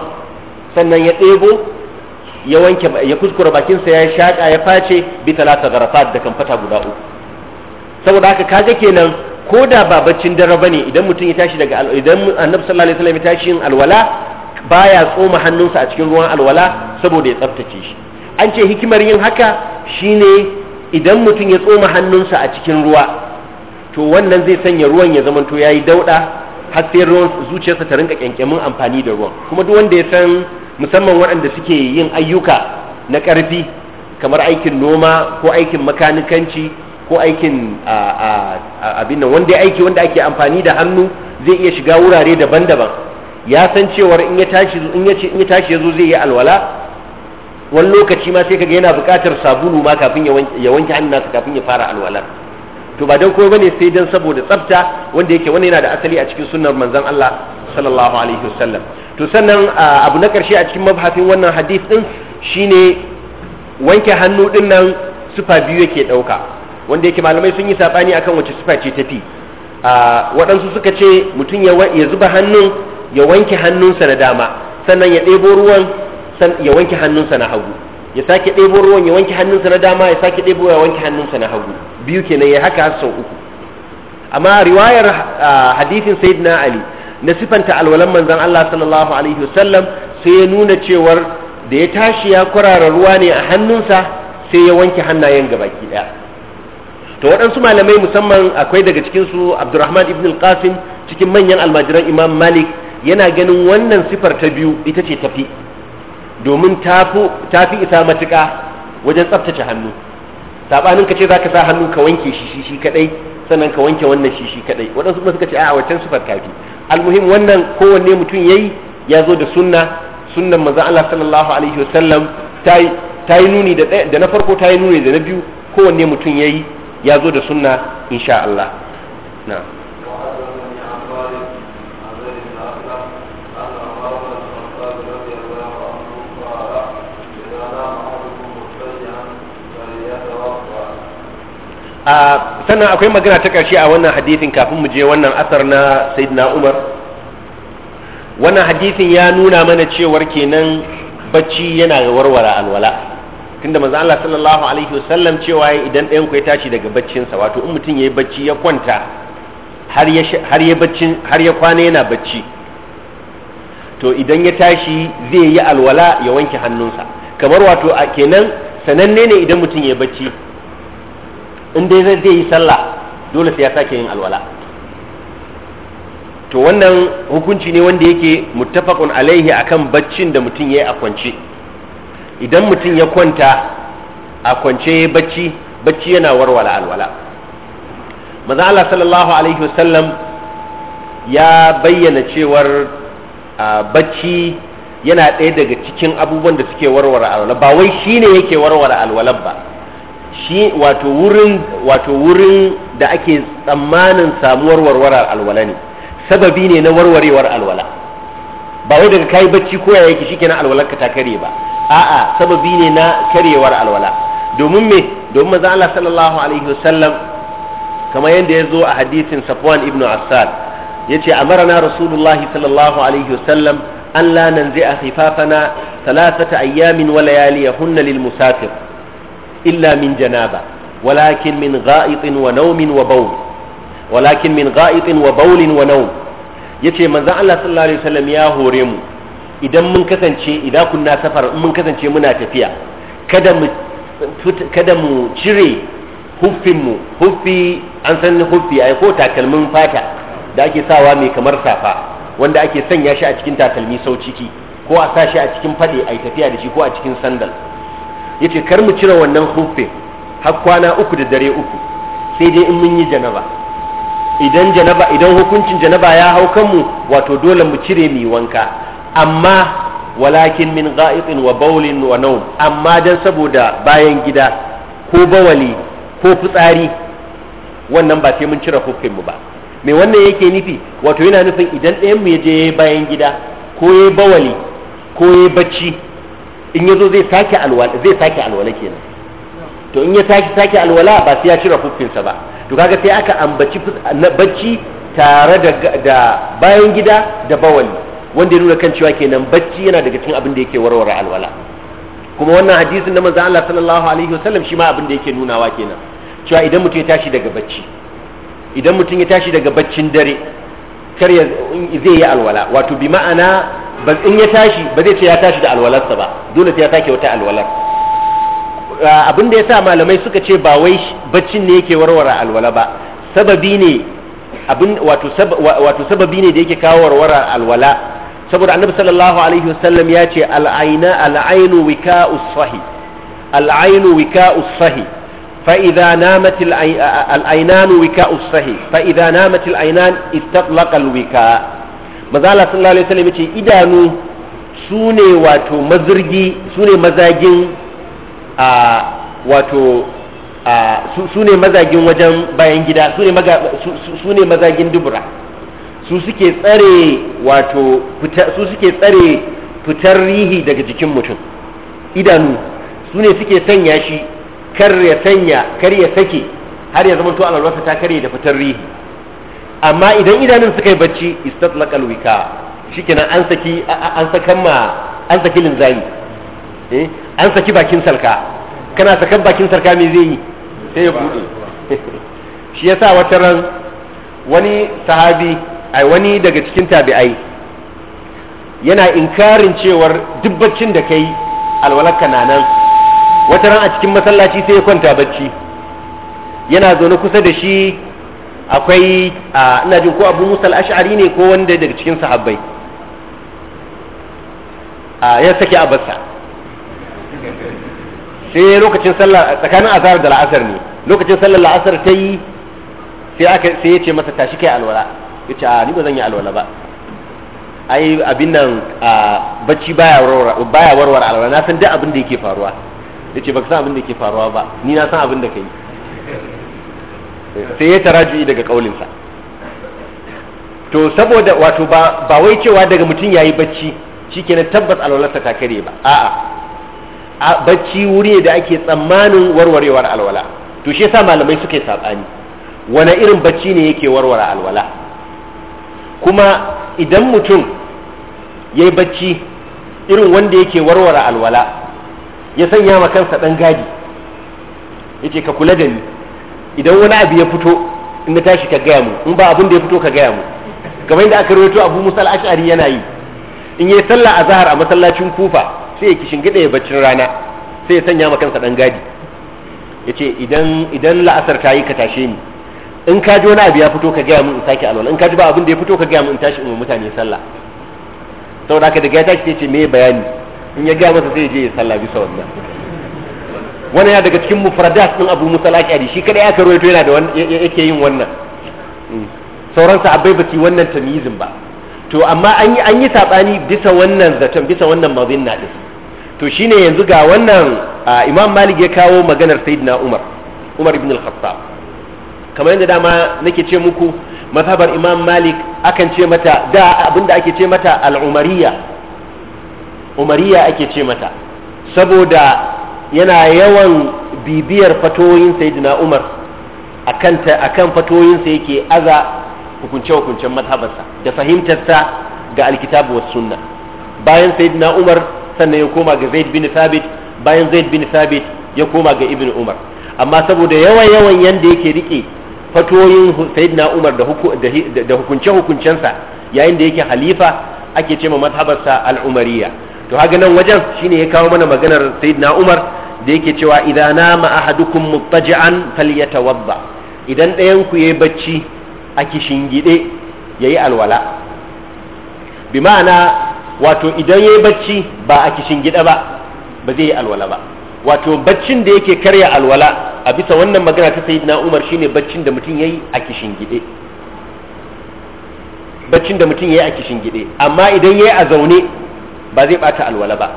sannan ya ɗebo ya wanke ya kuskura bakinsa ya shaƙa ya face bi talata zarafat da kamfata guda uku saboda haka kaga kenan ko da ba baccin dare bane idan mutum ya tashi daga idan annabi sallallahu alaihi wasallam ya tashi yin alwala baya tsoma hannunsa a cikin ruwan alwala saboda ya tsaftace shi an ce hikimar yin haka shine idan mutum ya tsoma hannunsa a cikin ruwa to wannan zai sanya ruwan ya zamanto yayi dauda har sai ruwan zuciyarsa ta rinka kyankyamin amfani da ruwan kuma duk wanda ya san musamman waɗanda suke yin ayyuka na ƙarfi kamar aikin noma ko aikin makanikanci ko aikin abin nan wanda aiki wanda ake amfani da hannu zai iya shiga wurare daban-daban ya san cewar in ya tashi in ya in ya tashi yazo zai yi alwala wani lokaci ma sai kaga yana buƙatar sabulu ma kafin ya wanke hannunsa kafin ya fara alwala to ba dan ko bane sai dan saboda tsafta wanda yake wannan yana da asali a cikin sunnar manzon Allah sallallahu alaihi wasallam to sannan abu na karshe a cikin mabhafin wannan hadith din shine wanke hannu din nan sufa biyu yake dauka wanda yake malamai sun yi sabani akan wace sufa ce tafi waɗansu suka ce mutum ya zuba hannun ya wanke hannunsa na dama sannan ya ɗebo ruwan ya wanke hannunsa na hagu ya sake ɗebo ruwan ya wanke hannunsa na dama ya sake ɗebo ya wanke hannunsa na hagu biyu kenan ya haka har sau uku amma riwayar hadisin sayyidina ali na sifanta alwalan manzon Allah sallallahu alaihi wasallam sai ya nuna cewar da ya tashi ya kwarara ruwa ne a hannunsa sai ya wanke hannayen gabaki daya to waɗansu malamai musamman akwai daga cikin su Abdurrahman ibn al-Qasim cikin manyan almajiran Imam Malik yana ganin wannan sifar ta biyu ita ce tafi domin tafi isa matuƙa wajen tsaftace hannu sabanin ka ce ka sa hannu ka wanke shi shi kadai sannan ka wanke wannan shi shi kadai waɗansu kuma suka ce a waccan sufar kafi almuhim wannan kowanne mutum yayi ya zo da sunna sunnan manzon Allah sallallahu alaihi wasallam ta yi nuni da da na farko ta yi nuni da na biyu kowanne mutum yayi ya zo da sunna insha Allah na'am sannan akwai magana ta ƙarshe a wannan hadisin kafin mu je wannan asar na sayyidina umar wannan hadisin ya nuna mana cewar kenan bacci yana warware alwala tunda manzo Allah sallallahu alaihi wasallam cewa idan ɗayan ku ya tashi daga sa wato in mutum yayi bacci ya kwanta har ya har ya bacci har ya kwana yana bacci to idan ya tashi zai yi alwala ya wanke hannunsa kamar wato a kenan sananne ne idan mutum yayi bacci in dai zai zai yi sallah dole sai ya sake yin alwala to wannan hukunci ne wanda yake muttafaqun alaihi akan baccin da mutum yayi a kwance idan mutum ya kwanta a kwance yayi bacci bacci yana warwala alwala manzo Allah sallallahu alaihi wasallam ya bayyana cewar bacci yana ɗaya daga cikin abubuwan da suke warware alwala ba wai shine yake warware alwalan ba shi wato wurin wato wurin da ake tsammanin samuwar warwarar alwala ne sababi ne na warwarewar alwala ba wai daga kai bacci ko ya yake shikenan alwalarka ta kare ba a'a sababi ne na karewar alwala domin me domin manzo Allah sallallahu alaihi wasallam kamar yadda ya zo a hadisin Safwan ibn Assad yace amarna rasulullahi sallallahu alaihi wasallam an la nanzi'a khifafana thalathata ayyamin wa layaliyahunna lil musafir illa min janaba walakin min gha'itin wa naumin wa bawl walakin min gha'itin wa wa yace manzon Allah sallallahu alaihi wasallam ya hore mu idan mun kasance idan kunna safar mun kasance muna tafiya kada mu kada mu cire huffinmu huffi an san huffi ai ko takalmin fata da ake sawa mai kamar safa wanda ake sanya shi a cikin takalmi sau ciki ko a sa shi a cikin fade ai tafiya da shi ko a cikin sandal yace kar mu cire wannan hufe har kwana uku da dare uku sai dai in mun yi janaba idan janaba idan hukuncin janaba ya hau kanmu wato dole mu cire mi wanka amma walakin min ga'itin wa bawlin wa nawm amma dan saboda bayan gida ko bawali ko fitsari wannan ba sai mun cire huffin mu ba me wannan yake nufi wato yana nufin idan ɗayan mu ya je bayan gida ko yayi bawali ko yayi bacci in yazo zai sake alwala zai sake alwala kenan to in ya sake sake alwala ba sai ya cire fuffinsa ba to kaga sai aka ambaci bacci tare da bayan gida da bawali wanda ya nuna kan cewa kenan bacci yana daga cikin abin da yake warware alwala kuma wannan hadisin na manzo Allah sallallahu alaihi wasallam shi ma abin da yake nunawa kenan cewa idan mutum ya tashi daga bacci idan mutum ya tashi daga baccin dare kar ya zai yi alwala wato bi ma'ana ba in ya tashi ba zai ce ya tashi da alwalarsa ba dole sai ya take wata alwalar abin da ya sa malamai suka ce ba wai baccin ne yake warware alwala ba sababi ne abin wato sababi ne da yake kawo warware alwala saboda annabi sallallahu alaihi wasallam ya ce al'aina al'ainu wika'us sahi al'ainu wika'us sahi فإذا نامت العينان وكاء الصحي فإذا al'ainan العينان استطلق الوكاء mazala sallallahu alaihi wasallam yace idanu su ne wato mazirgi su ne mazagin a wato a su ne mazagin wajen bayan gida su ne mazagin dubura su suke tsare wato su suke tsare fitar rihi daga jikin mutum idanu su ne suke sanya shi kar ya sanya kar ya sake har ya zama to alwalwarsa ta karye da fitar rihi amma idan idanun suka yi bacci istatlaqal shi shikenan an saki an sakan ma an saki linzami eh an saki bakin sarka kana sakan bakin sarka me zai yi sai ya bude <laughs> shi yasa wata ran wani sahabi ai wani daga cikin tabi'ai yana inkarin cewar duk baccin da kai alwalaka nanan wata ran a cikin masallaci sai ya kwanta bacci yana zaune kusa da shi akwai ina jin ko abu musa ashari ne ko wanda daga cikin sahabbai ya sake abasa sai lokacin sallah tsakanin azhar da la'asar ne lokacin sallar la'asar ta yi sai aka sai ya ce masa tashi kai alwala ya ce a ni ba zan yi alwala ba ai abin nan bacci baya warware alwala na san duk abin da yake faruwa ya ce ba san abin da yake faruwa ba ni na san abin da kai sai ya taraji daga kaulinsa to saboda wato ba wai cewa daga mutum yayi bacci shikenan tabbas alwalarsa ta kare ba a'a a bacci wuri ne da ake tsammanin warwarewar alwala to shi yasa malamai suka yi sabani wani irin bacci ne yake warware alwala kuma idan mutum ya yi bacci irin wanda yake warware alwala ya sanya ma kansa ɗan gadi yake ka kula da ni idan wani abu ya fito in na tashi ka gaya mu in ba abun da ya fito ka gaya mu kamar yadda aka rawaito Abu Musa al-Ash'ari yana yi in yayi sallah azhar a masallacin Kufa sai ya kishingida ya baccin rana sai ya sanya ma kansa dan gadi yace idan idan la'asar ta yi ka tashe ni in ka ji wani abu ya fito ka gaya mu in sake alwala in ka ji ba abun da ya fito ka gaya mu in tashi in mutane sallah saboda haka daga ya tashi yace ce me bayani in ya gaya masa sai ya je ya sallah bisa wannan wannan ya daga cikin mufradas din Abu Musa al shi kada ya karwaito yana da yake yin wannan mm. sauran sahabbai ba su wannan tamyizin ba to amma an yi an yi sabani bisa wannan zaton bisa wannan mazinna din to shine yanzu ga wannan Imam Malik ya kawo maganar Sayyidina Umar Umar ibn al-Khattab kamar yadda dama nake ce muku mazhabar Imam Malik akan ce mata da abinda ake ce mata al-Umariyya Umariyya ake ce mata saboda yana yawan bibiyar fatoyin sayyidina Umar akan akan fatoyin sa yake aza hukunce hukuncen mazhabarsa da fahimtarsa ga alkitabu was sunna bayan sayyidina Umar sannan ya koma ga Zaid bin Thabit bayan Zaid bin Thabit ya koma ga Ibn Umar amma saboda yawan yawan yanda yake rike fatoyin sayyidina Umar da hukunce hukuncensa yayin da yake halifa ake ce ma mazhabarsa al to haka nan wajen shine ya kawo mana maganar sayyidina Umar da yake cewa idza nama ahadukum muttaji'an falyatawadda idan ɗayan ku yayi bacci a kishingide yayi alwala bi ma'ana wato idan yayi bacci ba a kishingide ba ba zai yi alwala ba wato baccin da yake karya alwala a bisa wannan magana ta sayyidina Umar shine baccin da mutum yayi a kishingide baccin da mutum yayi a kishingide amma idan yayi a zaune ba zai bata alwala ba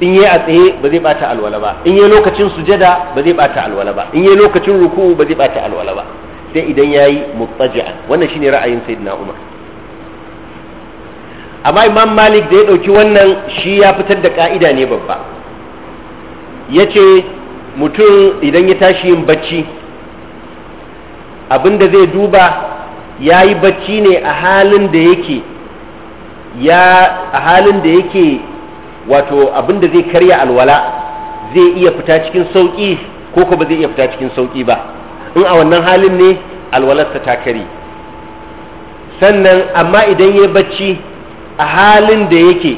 in yayi a tsaye ba zai bata alwala ba in yayi lokacin sujada ba zai bata alwala ba in yayi lokacin ruku'u ba zai bata alwala ba sai idan yayi muttaji'an wannan shine ra'ayin sayyidina Umar amma Imam Malik da ya dauki wannan shi ya fitar da ka'ida ne babba yace mutum idan ya tashi yin bacci abinda zai duba yayi bacci ne a halin da yake ya a halin da yake wato abin da zai karya alwala zai iya fita cikin sauƙi ko ko ba zai iya fita cikin sauki ba in a wannan halin ne alwalarsa ta kare sannan amma idan ya bacci a halin da yake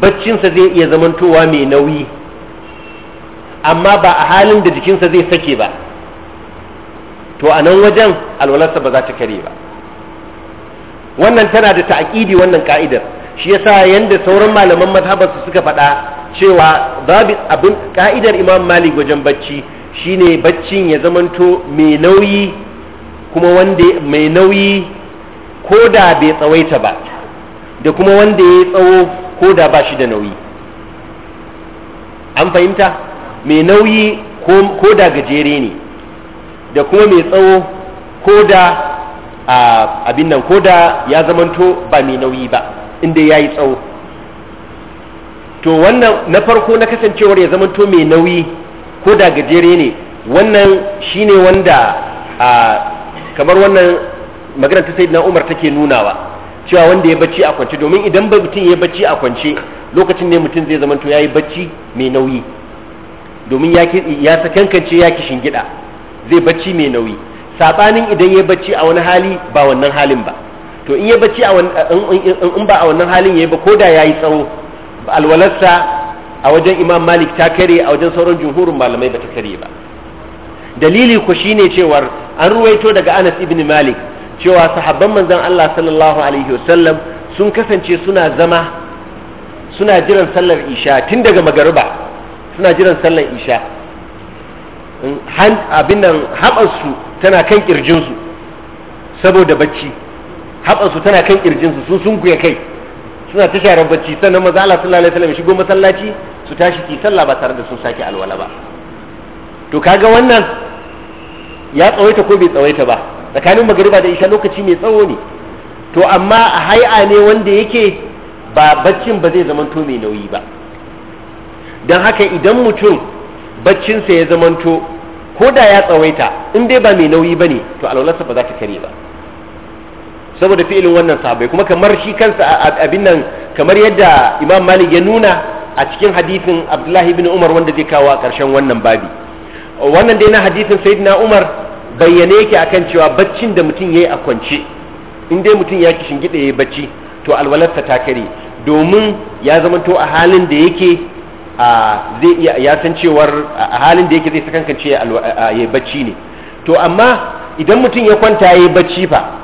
baccinsa zai iya zamantowa mai nauyi amma ba a halin da jikinsa zai sake ba to a nan wajen alwalarsa ba za ta kare ba wannan tana da ta'akidi wannan ka'idar shi yasa yanda sauran malaman su suka faɗa cewa babin abin ka'idar imam malik wajen bacci shine baccin ya zamanto mai nauyi kuma wanda mai nauyi ko da bai tsawaita ba da kuma wanda ya tsawo ko da ba shi da nauyi an fahimta mai nauyi ko da gajere ne da kuma mai tsawo ko da abin nan ko da ya zamanto ba mai nauyi ba inda ya yi tsawo to wannan na farko na kasancewar ya zama to mai nauyi ko da gajere ne wannan shine wanda a kamar wannan maganar ta na Umar take nunawa cewa wanda ya bacci a kwance domin idan ba mutum ya bacci a kwance lokacin ne mutum zai zama to yi bacci mai nauyi domin ya sakankance ya kishin gida zai bacci mai nauyi saɓanin idan ya bacci a wani hali ba wannan halin ba to in ya bacci a in ba a wannan halin yayi ba koda yayi tsawo alwalarsa a wajen imam malik ta kare a wajen sauran jumhurin malamai ba ta kare ba dalili ku shine cewar an ruwaito daga anas ibn malik cewa sahabban manzon allah sallallahu alaihi wasallam sun kasance suna zama suna jiran sallar isha tun daga magariba suna jiran sallar isha abin nan haɓarsu tana kan ƙirjinsu saboda bacci su tana kan kirjinsu su sun kuya kai suna ta sharar bacci sannan maza Allah sallallahu alaihi wasallam shigo masallaci su tashi ki sallah ba tare da sun sake alwala ba to kaga wannan ya tsawaita ko bai tsawaita ba tsakanin magariba da isha lokaci mai tsawo ne to amma a hai'a ne wanda yake ba baccin ba zai zamanto mai nauyi ba don haka idan mutum baccinsa ya zamanto ko da ya tsawaita in dai ba mai nauyi ba ne to alwalarsa ba za ta kare ba saboda fi'ilin wannan sahabbai kuma kamar shi kansa abin nan kamar yadda imam malik ya nuna a cikin hadisin abdullahi ibn umar wanda zai kawo a ƙarshen wannan babi wannan dai na hadisin sayyidina umar bayyane yake akan cewa baccin da mutum yayi a kwance in dai mutum ya ki shingide yayi bacci to alwalarsa ta kare domin ya zama to a halin da yake zai iya ya san cewar a halin da yake zai sakankance yayi bacci ne to amma idan mutum ya kwanta yayi bacci fa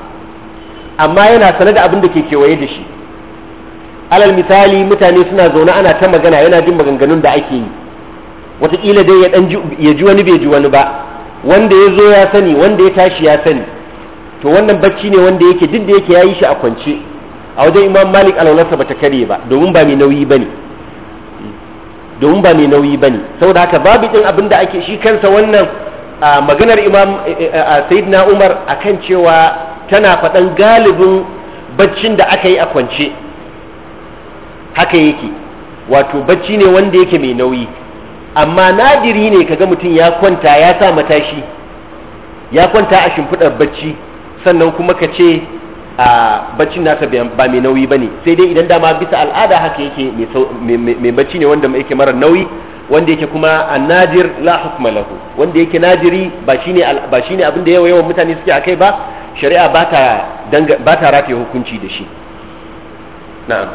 amma yana sane da abin da ke kewaye da shi alal misali mutane suna zaune ana ta magana yana jin maganganun da ake yi wataƙila dai ya ya ji wani bai ji wani ba wanda ya zo ya sani wanda ya tashi ya sani to wannan bacci ne wanda yake duk da yake yayi shi a kwance a wajen imam malik ba bata kare ba domin ba mai nauyi bane domin ba mai nauyi bane saboda haka babu din abin da ake shi kansa wannan maganar imam eh, eh, sayyidina umar akan cewa tana faɗan galibin baccin da aka yi a kwance haka yake wato bacci ne wanda yake mai nauyi amma nadiri ne kaga mutum ya kwanta ya sa matashi ya kwanta a shimfiɗar bacci sannan kuma ka ce a baccin nasa ba mai nauyi ba ne sai dai idan dama bisa al'ada haka yake mai bacci ne wanda yake mara nauyi wanda yake kuma a nadir la hukmalahu wanda yake nadiri ba shine ne abin da yawa yawan mutane suke a kai ba shari'a ba ta rataye hukunci da shi na'am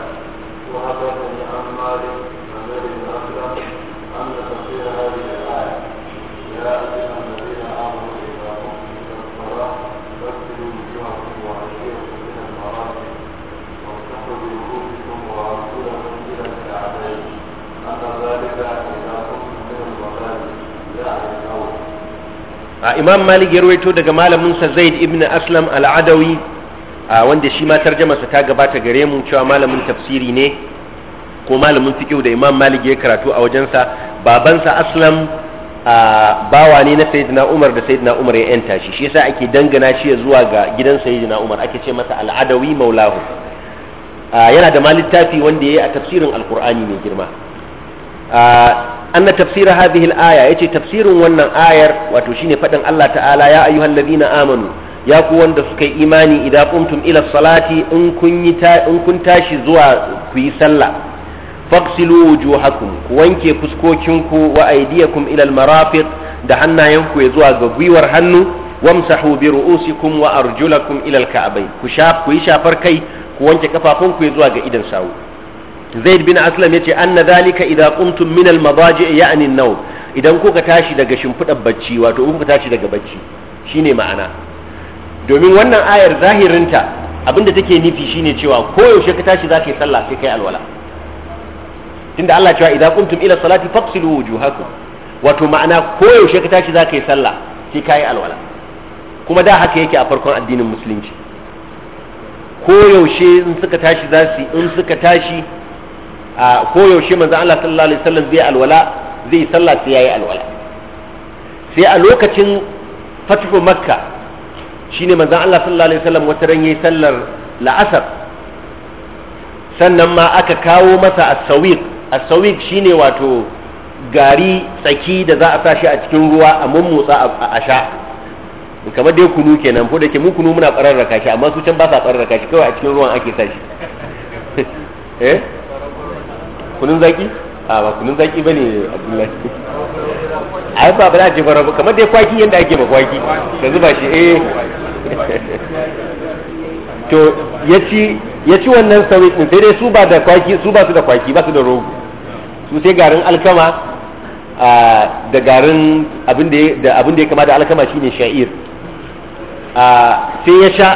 a imam malik ya rawaito daga malamin sa zaid ibn aslam al-adawi wanda shi ma sa ta gabata gare mu cewa malamin tafsiri ne ko malamin fiqh da imam malik ya karatu a wajensa babansa aslam bawa ne na sayyidina umar da sayyidina umar ya yanta shi shi yasa ake dangana shi zuwa ga gidan sayyidina umar ake ce masa al-adawi maulahu yana da ma littafi wanda ya yi a tafsirin alkur'ani mai girma anna tafsira hadhihi al-aya yace tafsirin wannan ayar wato shine fadin Allah ta'ala ya na amanu ya ku wanda suka yi imani idan kumtum ila salati in kun yi in kun tashi zuwa ku yi sallah faqsilu wujuhakum ku wanke fuskokinku wa aydiyakum ila al-marafiq da hannayenku ya zuwa ga gwiwar hannu wamsahu bi ru'usikum wa arjulakum ila al-ka'bayn ku shaf ku yi shafar kai ku wanke kafafunku ya zuwa ga idan sawu zaid bin aslam yace anna dhalika idza qumtum min al madaji' ya'ni an-nawm idan kuka tashi daga shimfidar bacci wato in kuka tashi daga bacci shine ma'ana domin wannan ayar zahirinta abinda take nufi shine cewa koyaushe ka tashi zaka yi sallah sai kai alwala tunda Allah cewa idza qumtum ila salati faqsilu wujuhakum wato ma'ana koyaushe ka tashi zaka yi sallah sai kai alwala kuma da haka yake a farkon addinin musulunci koyaushe in suka tashi za su in suka tashi ko yaushe manzon Allah sallallahu alaihi wasallam zai alwala zai sallah sai yayi alwala sai a lokacin fatihu makka shine manzan Allah sallallahu alaihi wasallam wata ran yayi sallar la'asar sannan ma aka kawo masa as-sawiq as-sawiq shine wato gari tsaki da za a sashi a cikin ruwa a mummutsa a sha kamar dai kunu kenan ko da ke mu kunu muna tsararraka shi amma su can ba sa tsararraka shi kawai a cikin ruwan ake sashi <laughs> eh kunun zaki a ba kunun zaki bane abdullahi ai ba ba za a ce fara kamar dai kwaki yadda ake ma kwaki ka zuba shi eh <laughs> to ya ci wannan sauri din sai dai su ba da kwaki su ba su da kwaki ba su da rogo su sai garin alkama da garin abin da abin da ya kama da alkama shine sha'ir sai ya sha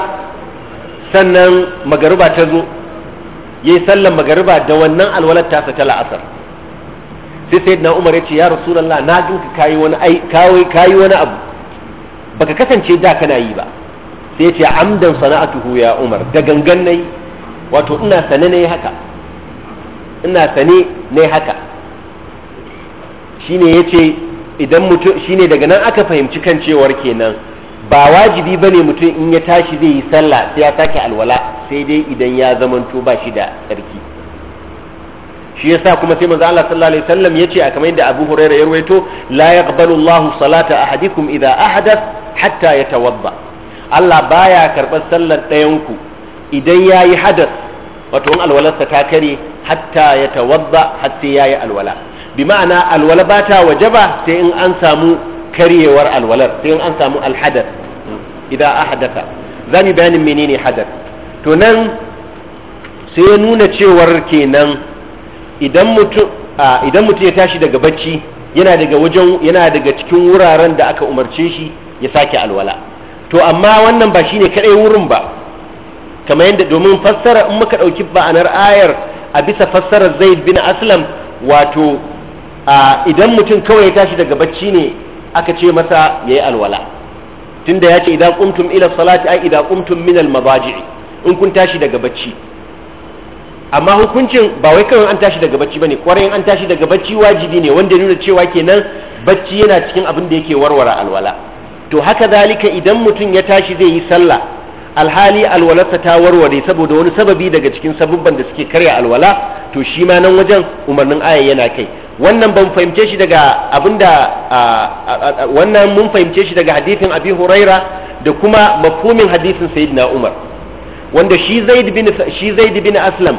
sannan magaruba ta zo yayi sallan magariba da wannan alwalar tasa ta la'asar sai sayyidina Umar ya ce ya Rasulullah na ka kayi wani ai kayi wani abu baka kasance da kana yi ba sai ya ce amdan sana'atuhu ya Umar da gangan nayi wato ina sane ne haka ina sane ne haka shine yace idan mutum shine daga nan aka fahimci kan cewar kenan ba wajibi ba ne mutum in ya tashi zai yi sallah sai ya sake alwala sai dai idan ya zamanto ba shi da tsarki shi yasa kuma sai manzo Allah sallallahu alaihi wasallam yace a kamar yadda Abu Hurairah ya rawaito la yaqbalu Allahu salata ahadikum idza ahadath hatta yatawadda Allah baya karbar sallar ɗayan ku idan yayi hadas wato alwalarsa ta kare hatta yatawadda har sai yayi alwala bi ma'ana alwala ba ta wajaba sai in an samu karyewar alwalar sai in an samu alhadar. a hadata za mu bayanin menene hadar, to nan sai ya nuna cewar kenan idan mutum idan mutum ya tashi daga bacci yana daga wajen yana daga cikin wuraren da aka umarce shi ya sake alwala to amma wannan ba shine kadai wurin ba kamar yadda domin fassara in muka ɗauki ba'anar ayar a bisa fassarar Zaid bin Aslam wato idan mutum kawai ya tashi daga bacci ne aka ce masa yayi alwala tunda ya ce idan kumtum ila salati ai idan kumtum min al in kun tashi daga bacci amma hukuncin ba wai kawai an tashi daga bacci bane kwarai an tashi daga bacci wajibi ne wanda nuna cewa kenan bacci yana cikin abin da yake warware alwala to haka zalika idan mutum ya tashi zai yi sallah alhali alwalarsa ta warware saboda wani sababi daga cikin sabubban da suke karya alwala to shi ma nan wajen umarnin aya yana kai wannan ban fahimce shi daga abinda wannan mun fahimce shi daga hadithin abi huraira da kuma mafhumin hadithin sayyidina umar wanda shi zaid bin shi zaid bin aslam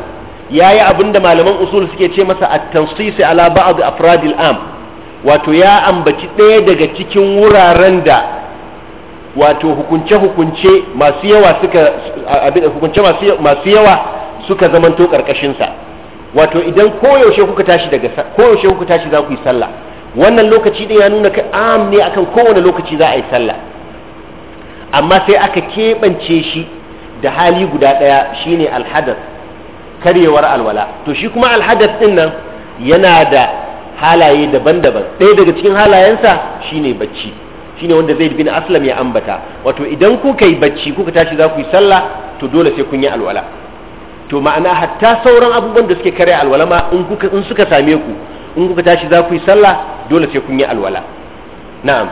yayi abinda malaman usul suke ce masa at-tansis ala ba'd afrad al-am wato ya ambaci ɗaya daga cikin wuraren da wato hukunce hukunce masu yawa suka abin hukunce masu yawa suka zamanto karkashin sa wato idan koyaushe kuka tashi daga koyaushe kuka tashi za ku yi sallah wannan lokaci din ya nuna ka am ne akan kowane lokaci za a yi sallah amma sai aka keɓance shi da hali guda ɗaya shine alhadath karyewar alwala to shi kuma alhadas din nan yana da halaye daban-daban ɗaya daga cikin halayensa shine bacci shine wanda zai bin aslam ya ambata wato idan kuka yi bacci kuka tashi za ku yi sallah to dole sai kun yi alwala to ma'ana hatta sauran abubuwan da suke kare alwala ma in kuka in suka same ku in kuka tashi za ku yi sallah dole sai kun yi alwala na'am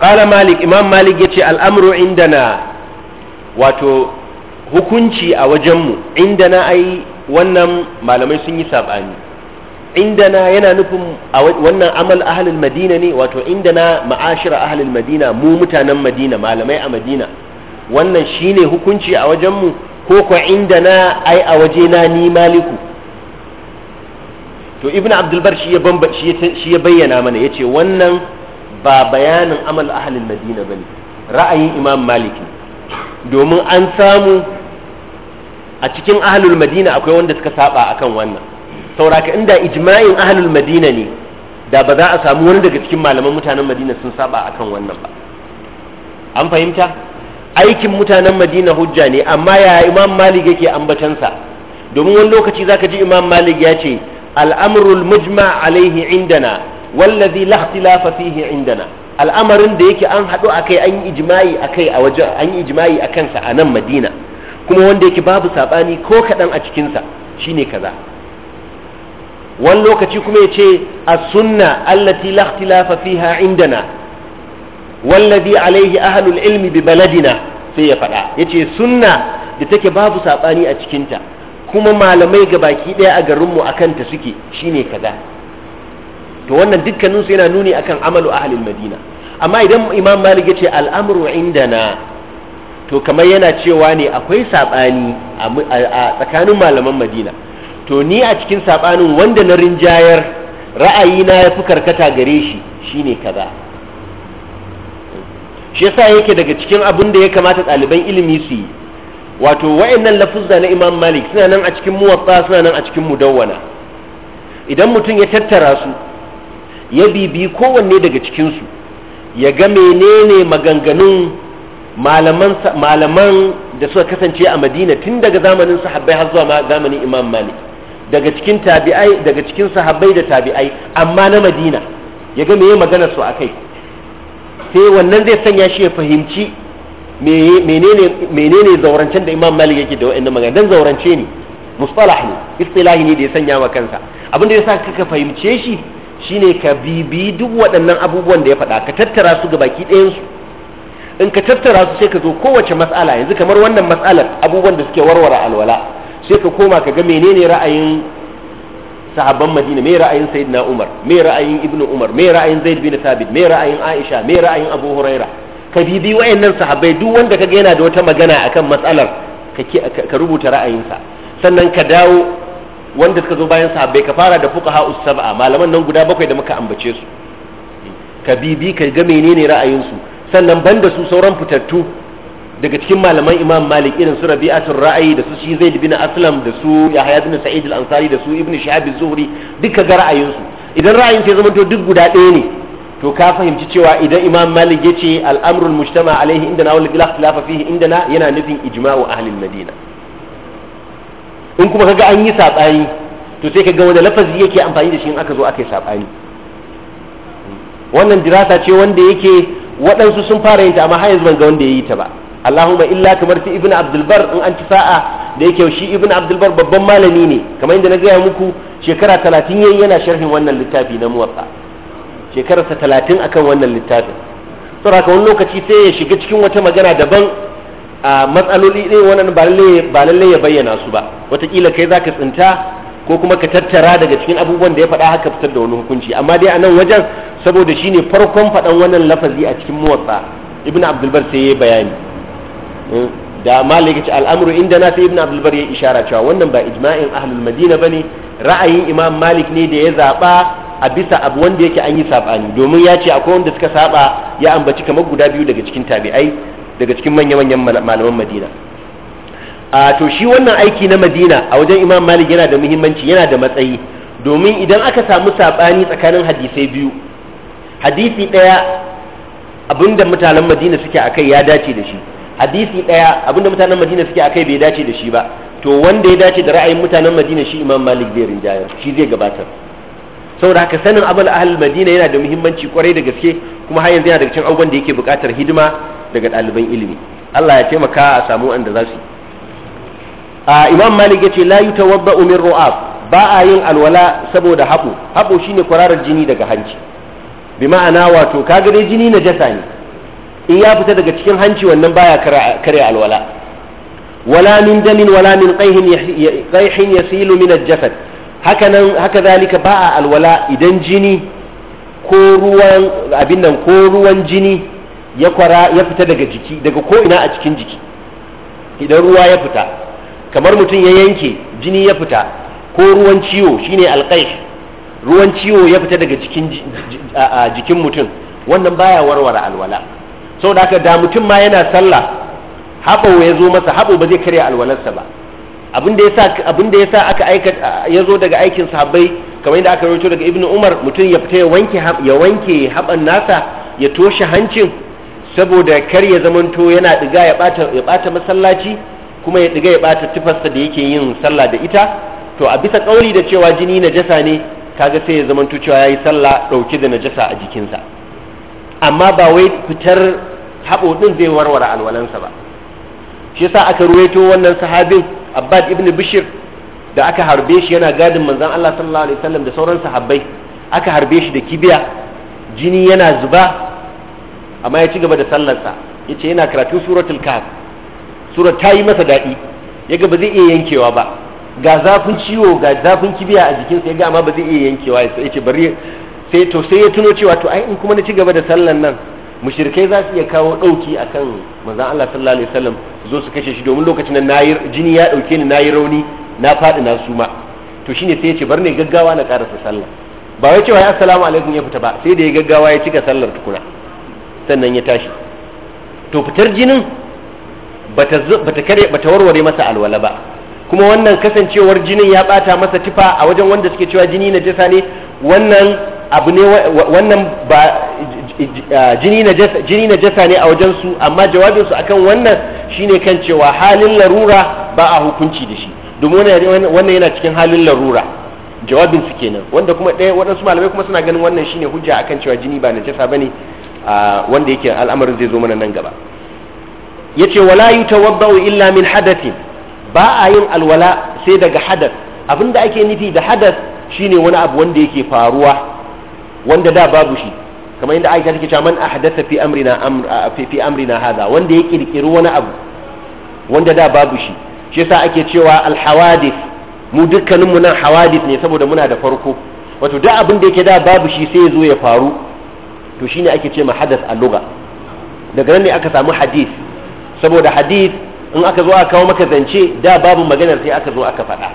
قال مالك إمام مالك يتي الأمر عندنا wato hukunci a wajenmu inda na ai wannan malamai sun yi saɓani inda na yana nufin wannan amal ahalin madina ne wato inda na ma'ashira ahalin madina mu mutanen madina malamai a madina wannan shine hukunci a wajenmu ko ko inda na ai a wajena ni maliku to ibn abdulbar shi ya bayyana mana ya ce wannan ba bayanin amal ahalin madina ba ne ra'ayin imam maliki domin an samu a cikin ahlul madina akwai wanda suka saba akan wannan sauraka inda ijma'in ahlul madina ne da ba za a samu wani daga cikin malaman mutanen madina sun saba akan wannan ba an fahimta aikin mutanen madina hujja ne amma ya imam malik yake ambatansa domin wani lokaci zaka ji imam malik ya ce al'amrul mujma alaihi indana wallazi la ikhtilafa fihi indana al'amarin da yake an haɗu akai an yi ijma'i akai a wajen an yi ijima'i a kansa a nan madina kuma wanda yake babu saɓani ko kaɗan a cikinsa shine kaza wani lokaci kuma ya ce a sunna allati la ikhtilafa fiha indana wallazi alaihi ahlul ilmi bi baladina sai ya faɗa yace sunna da take babu saɓani a cikinta kuma malamai ga baki ɗaya a garinmu a kanta suke shine kaza to wannan dukkaninsu yana nuni akan amalu ahlul madina amma idan imam malik ya ce al'amru indana to kamar yana cewa ne akwai saɓani a tsakanin malaman madina to ni a cikin saɓanin wanda na rinjayar ra'ayina ya fi karkata gare shi shine kaza shi yasa yake daga cikin abin da ya kamata ɗaliban ilimi su yi wato wa'annan lafuzza na imam malik suna nan a cikin muwatta suna nan a cikin mudawwana idan mutum ya tattara su ya bibi kowanne daga cikinsu ya ga menene maganganun malaman da suka kasance a madina tun daga zamanin sahabbai har zuwa zamanin imam malik daga cikin tabi'ai daga cikin sahabbai da tabi'ai amma na madina ya ga meye magana su akai sai wannan zai sanya shi ya fahimci menene zaurancen da imam malik yake da wa'annan magana dan zaurance ne mustalah ne istilahi ne da ya sanya wa kansa abin da ya sa kaka fahimce shi shine ka bibi duk waɗannan abubuwan da ya faɗa ka tattara su ga baki su in ka tattara su sai ka zo kowace matsala yanzu kamar wannan matsalar abubuwan da suke warware alwala sai ka koma ka ga menene ra'ayin sahabban madina me ra'ayin sayyidina umar mai ra'ayin ibnu umar mai ra'ayin zaid bin thabit me ra'ayin aisha mai ra'ayin abu huraira ka bibi wayannan sahabbai duk wanda kaga yana da wata magana akan matsalar ka rubuta ra'ayinsa sannan ka dawo wanda suka zo bayan sahabbai ka fara da fuka ha'us saba malaman nan guda bakwai da muka ambace su ka bibi ka ga menene ra'ayinsu su sannan banda su sauran fitattu daga cikin malaman Imam Malik irin su Rabi'atul Ra'ayi da su shi Zaid bin Aslam da su Yahya bin Sa'id al-Ansari da su Ibn Shihab az-Zuhri duka ga ra'ayin idan ra'ayin sai zama to duk guda ɗaya ne to ka fahimci cewa idan Imam Malik yace al-amrul mujtama alaihi indana wal ikhtilafa fihi indana yana nufin ijma'u ahlil Madina in kuma kaga an yi saɓani to sai ka ga wani lafazi yake amfani da shi in aka zo aka yi saɓani wannan dirasa ce wanda yake waɗansu sun fara yin ta amma har yanzu ban ga wanda ya yi ta ba Allahumma illa kamar ta Ibn Abdulbar in an ci sa'a da yake shi Ibn Abdulbar babban malami ne kamar yadda na gaya muku shekara talatin yayi yana sharhin wannan littafi na muwaffa shekararsa talatin akan wannan littafin saboda haka wani lokaci sai ya shiga cikin wata magana daban a matsaloli ɗin wannan ba lalle ya bayyana su ba watakila kai zaka tsinta ko kuma ka tattara daga cikin abubuwan da ya faɗa haka fitar da wani hukunci amma dai a nan wajen saboda shi ne farkon faɗan wannan lafazi a cikin motsa ibn abdulbar sai ya bayani hmm. da malik ya ce al'amuru inda na sai ibn abdulbar ya ishara cewa wannan ba ijma'in ahlul madina ba ne ra'ayin imam malik ne da ya zaɓa a bisa abu wanda yake an yi sabani domin ya ce akwai wanda suka saɓa ya ambaci kamar guda biyu daga cikin tabi'ai daga cikin manya-manyan malaman madina a to shi wannan aiki na madina a wajen imam malik yana da muhimmanci yana da matsayi domin idan aka samu saɓani tsakanin hadisai biyu hadisi ɗaya abinda mutanen madina suke akai ya dace da shi hadisi ɗaya abinda mutanen madina suke akai bai dace da shi ba to wanda ya dace da ra'ayin mutanen madina shi imam malik zai rinjaya shi zai gabatar saboda haka sanin abul ahlul madina yana da muhimmanci kwarai da gaske kuma har yanzu yana daga cikin abubuwan da yake buƙatar hidima daga ɗaliban ilimi Allah ya taimaka a samu wanda za su yi a imam malik yace la yutawadda min ru'af ba a yin alwala saboda haɓo haɓo shine kwararar jini daga hanci bi ma'ana wato kaga dai jini jasa ne in ya fita daga cikin hanci wannan baya karya alwala wala min damin wala min qayhin yasilu min al-jasad haka nan haka zalika ba a alwala idan jini ko ruwan abin nan ko ruwan jini ya kwara ya fita daga jiki daga ko ina a cikin jiki idan ruwa ya fita kamar mutum ya yanke jini ya fita ko ruwan ciwo shine alqaish ruwan ciwo ya fita daga jikin mutum wannan baya warware alwala saboda haka da mutum ma yana sallah haɓo ya zo masa haɓo ba zai karya alwalarsa ba abin da yasa sa aka aika ya zo daga aikin sahabbai kamar yadda aka rawaito daga ibnu umar mutum ya fita ya wanke haɓan nasa ya toshe hancin saboda kar ya zamanto yana diga ya bata ya bata masallaci kuma ya diga ya bata tufarsa da yake yin sallah da ita to a bisa kauri da cewa jini najasa ne kaga sai ya zamanto cewa yayi sallah dauke da najasa a jikinsa amma ba wai fitar habo zai warware alwalansa ba shi yasa aka ruwaito wannan sahabin Abbad ibn Bishir da aka harbe shi yana gadin manzon Allah sallallahu alaihi wasallam da sauran sahabbai aka harbe shi da kibiya jini yana zuba amma ya ci gaba da sallarsa ya ce yana karatu suratul kaf surat ta yi masa daɗi ya ga ba zai iya yankewa ba ga zafin ciwo ga zafin kibiya a jikinsa ya ga amma ba zai iya yankewa ya ce bari sai to sai ya tuno cewa to ai in kuma na ci gaba da sallan nan mushrikai za su iya kawo ɗauki akan manzon Allah sallallahu alaihi wasallam zo su kashe shi domin lokacin da jini ya ɗauke ni nayi rauni na faɗi na suma to shine sai ya ce bar ne gaggawa na karasa sallah ba wai cewa ya assalamu alaikum ya fita ba sai da ya gaggawa ya cika sallar tukuna sannan ya tashi to fitar jinin bata warware masa alwala ba kuma wannan kasancewar jinin ya bata masa tifa a wajen wanda suke cewa jini na jasa ne wannan abu ne wannan ba jini na jasa ne a wajen su amma jawabin su akan wannan shine kan cewa halin larura ba a hukunci da shi domin wannan yana cikin halin larura jawabin su kenan wanda kuma ɗaya waɗansu malamai kuma suna ganin wannan shine hujja akan cewa jini ba na jasa bane wanda yake al'amarin zai zo mana nan gaba yace wala yutawaddau illa min hadathin ba a yin alwala sai daga hadath abinda ake nufi da hadath shine wani abu wanda yake faruwa wanda da babu shi kamar yadda Aisha take cewa man ahdatha fi amrina amr fi amrina hada wanda ya kirkiri wani abu wanda da babu shi shi yasa ake cewa alhawadith mu dukkaninmu nan hawadith ne saboda muna da farko wato duk abin da yake da babu shi sai ya zo ya faru to shine ake ce ma hadas a luga daga nan ne aka samu hadis saboda hadis in aka zo a kawo maka zance da babu maganar sai aka zo aka faɗa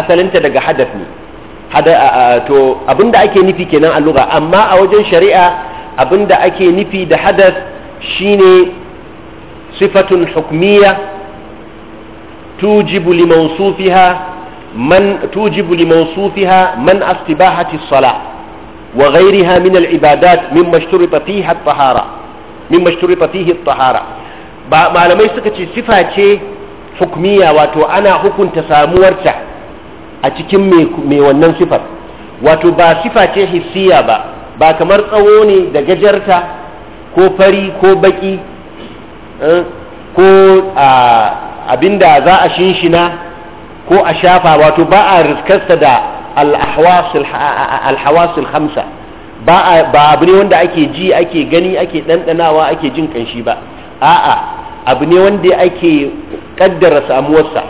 asalinta daga hadas ne to abinda ake nufi kenan a luga amma a wajen shari'a abinda ake nufi da hadas shine sifatun hukmiya tujibu limawsufiha man tujibu ba man astibahati wa ghairiha min al-ibadat mimma shturita fiha at-tahara ba malamai suka ce sifa ce hukmiya wato ana hukunta samuwarta a cikin mai wannan sifar wato ba siface ce hissiya ba ba kamar tsawo ne da gajarta ko fari ko baki eh, ko abinda za a shinshina ko a shafa wato ba a riskarsa da alhawasul hamsa ba abu ne wanda ake ji ake gani ake ɗanɗanawa ake jin kanshi ba a'a abu ne wanda ake ƙaddara samuwarsa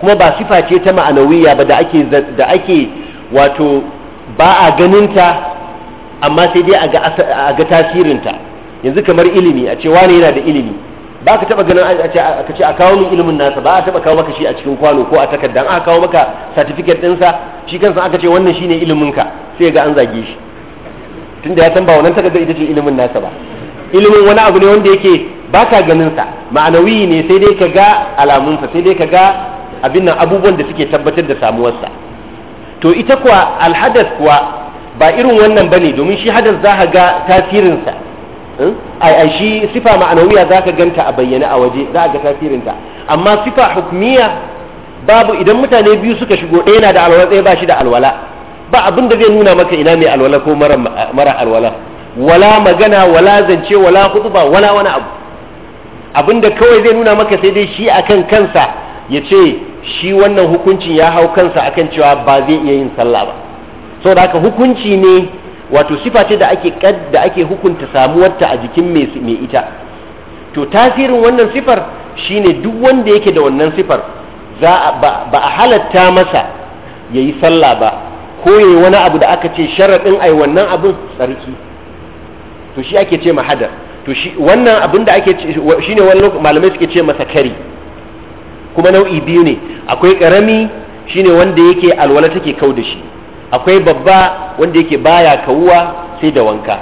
kuma ba sifa ce ta ma'anawiya ba da ake da ake wato ba a ganinta amma sai dai a ga tasirinta yanzu kamar ilimi a ce wane yana da ilimi ba ka taba ganin a ce a kawo min ilimin nasa ba a taba kawo maka shi a cikin kwano ko a takardan aka kawo maka certificate ɗinsa shi kansa aka ce wannan shine ilimin ka sai ga an zage shi tunda ya san ba wannan takardar ita ce ilimin nasa ba ilimin wani abu ne wanda yake ba ka ganin sa ma'anawi ne sai dai ka ga alamunsa sai dai ka ga abin nan abubuwan da suke tabbatar da samuwarsa to ita kuwa alhadas kuwa ba irin wannan bane domin shi hadas za ka ga tasirinsa hmm? ai shi sifa ma'anawiya za ka ganta a bayyane a waje za ga tasirinta amma sifa hukmiya babu idan mutane biyu suka shigo ɗaya na da alwala ɗaya ba shi da alwala ba abin da zai nuna maka ina mai alwala ko mara alwala wala magana wala zance wala hutuba wala wani abu abin da kawai zai nuna maka sai dai shi akan kansa ya ce shi wannan hukuncin ya hau kansa akan cewa ba zai iya yin sallah ba saboda haka hukunci ne wato sifa ce da ake da ake hukunta samuwarta a jikin mai ita to tasirin wannan sifar shine duk wanda yake da wannan sifar za ba a halatta masa ya yi sallah ba ko yayi wani abu da aka ce sharadin ai wannan abun tsarki to shi ake ce mahadar to shi wannan abin da ake shi ne wani malamai suke ce masa kari kuma nau'i biyu ne akwai ƙarami shine wanda yake alwala take kau da shi akwai babba wanda yake baya kawuwa sai da wanka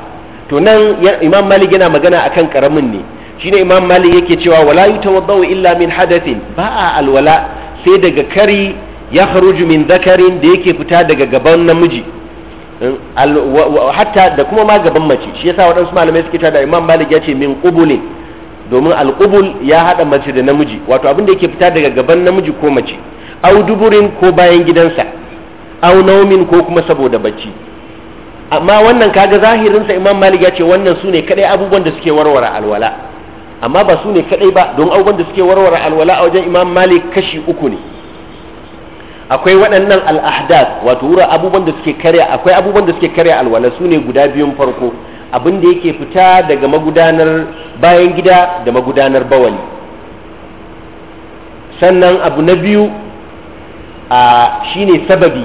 to nan imam malik yana magana akan karamin ne shine imam malik yake cewa wala yutawaddau illa min hadathin ba alwala sai daga kari ya kharuju min dhakarin da yake fita daga gaban namiji hmm, hatta da kuma ma gaban mace shi yasa waɗansu malamai suke tada imam malik ya ce min qubulin domin alqubul ya hada mace da namiji wato abin da yake fita daga gaban namiji ko mace au duburin ko bayan gidansa au naumin ko kuma saboda bacci amma wannan kaga zahirinsa imam malik ya ce wannan su ne kadai abubuwan da suke warware alwala amma ba su ne kadai ba don abubuwan da suke warware alwala a wajen imam malik kashi uku ne akwai waɗannan al'ahdath wato wura abubuwan da suke karya akwai abubuwan da suke karya alwala su ne guda biyun farko abin da yake fita daga magudanar bayan gida da magudanar bawali sannan abu na biyu a shine sababi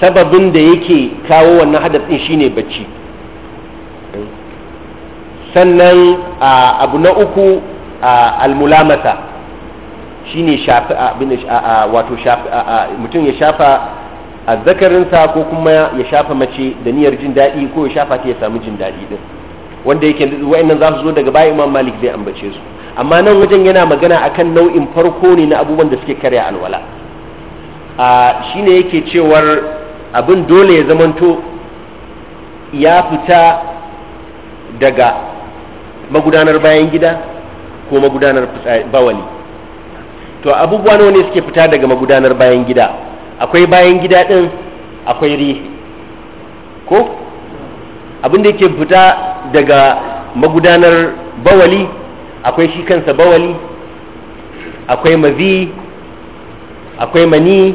sababin da yake kawo wannan ɗin shine bacci sannan abu na uku almulamata shine wato mutum ya shafa azzakarinsa ko kuma ya shafa mace da niyyar jin daɗi ko ya shafa ta ya samu jin daɗi din wanda yake wa'annan za su zo daga baya imam malik zai ambace su amma nan wajen yana magana akan nau'in farko ne na abubuwan da suke karya alwala shine yake cewar abin dole ya zamanto ya fita daga magudanar bayan gida ko magudanar bawali to abubuwa nawa ne suke fita daga magudanar bayan gida akwai bayan gida din akwai ri ko abin da yake fita daga magudanar bawali akwai shi kansa bawali akwai mazi akwai mani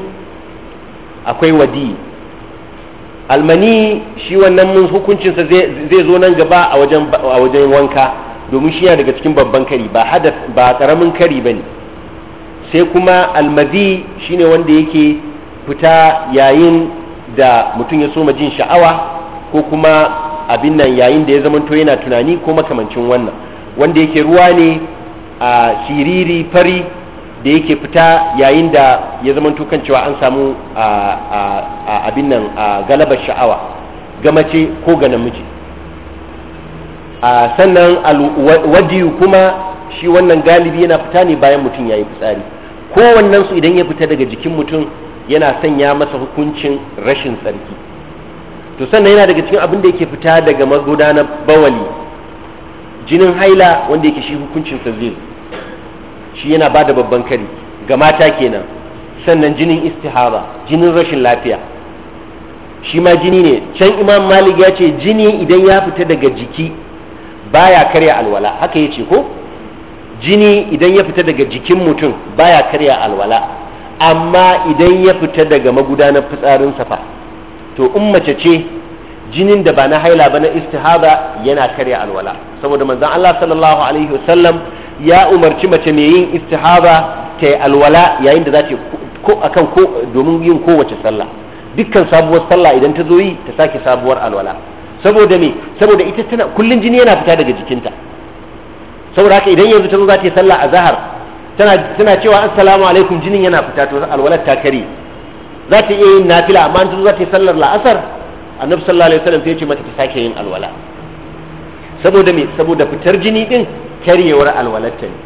akwai wadi almani shi wannan mun hukuncinsa zai zo nan gaba a wajen wanka domin shi yana daga cikin babban kari ba hadas ba karamin kari ba ne sai kuma almadi shine wanda yake fita yayin da mutum ya soma jin sha'awa ko kuma abin nan yayin da ya zamanto yana tunani ko makamancin wannan wanda yake ruwa ne a siriri fari da yake fita yayin da ya zama tukan cewa an samu abin nan galabar sha'awa ga mace ko ga namiji sannan wadiyu kuma shi wannan galibi yana fita ne bayan mutum ya yi fitsari kowannensu idan ya fita daga jikin mutum yana sanya masa hukuncin rashin tsarki to sannan yana daga cikin abin da yake fita daga magudanar bawali jinin haila wanda yake shi hukuncinsa zai shi yana ba da babban kari ga mata kenan sannan jinin istihaba jinin rashin lafiya shi ma jini ne can imam malik ya ce jini idan ya fita daga jiki baya karya alwala haka ya ce ko jini idan ya fita daga jikin mutum baya karya alwala amma idan ya fita daga magudanar fitsarin safa to in mace ce jinin da ba na haila ba na istihaba yana karya alwala saboda manzon Allah sallallahu alaihi wasallam ya umarci mace mai yin istihaba ta yi alwala yayin da za ta ko akan ko domin yin kowace sallah dukkan sabuwar sallah idan ta zo yi ta sake sabuwar alwala saboda me saboda ita tana kullun jini yana fita daga jikinta saboda haka idan yanzu ta zo za ta yi sallah a zahar tana tana cewa assalamu alaikum jinin yana fita to alwalar ta kare za ta iya yin nafila amma an ta zo za ta yi sallar la'asar annabi sallallahu alaihi wasallam sai ya ce mata ta sake yin alwala saboda me saboda fitar jini din karyewar alwalatta ne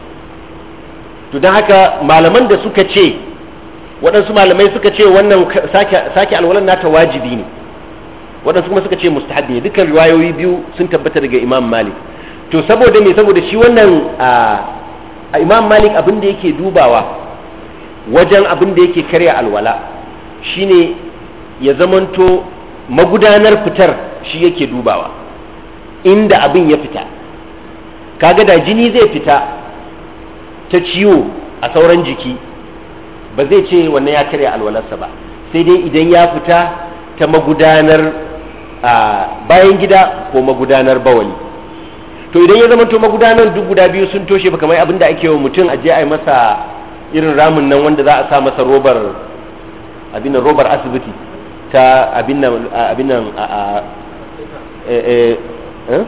to don haka malaman da suka ce waɗansu malamai suka ce wannan sake alwalar nata wajibi ne waɗansu kuma suka ce mustahabi ne dukkan riwayoyi biyu sun tabbata daga imam malik to saboda me saboda shi wannan a imam malik abin da yake dubawa wajen abin da yake karya alwala shine ya zamanto magudanar fitar shi yake dubawa inda abin ya fita kaga da jini zai fita ta ciwo a sauran jiki ba zai ce wannan ya karya alwalarsa ba sai dai idan ya fita ta magudanar bayan gida ko magudanar bawali to idan ya zama to magudanar duk guda biyu sun toshe ba kamar abin da ake wa mutum a je a yi masa irin ramin nan wanda za a sa masa robar abinan robar asibiti ta abinan Eh?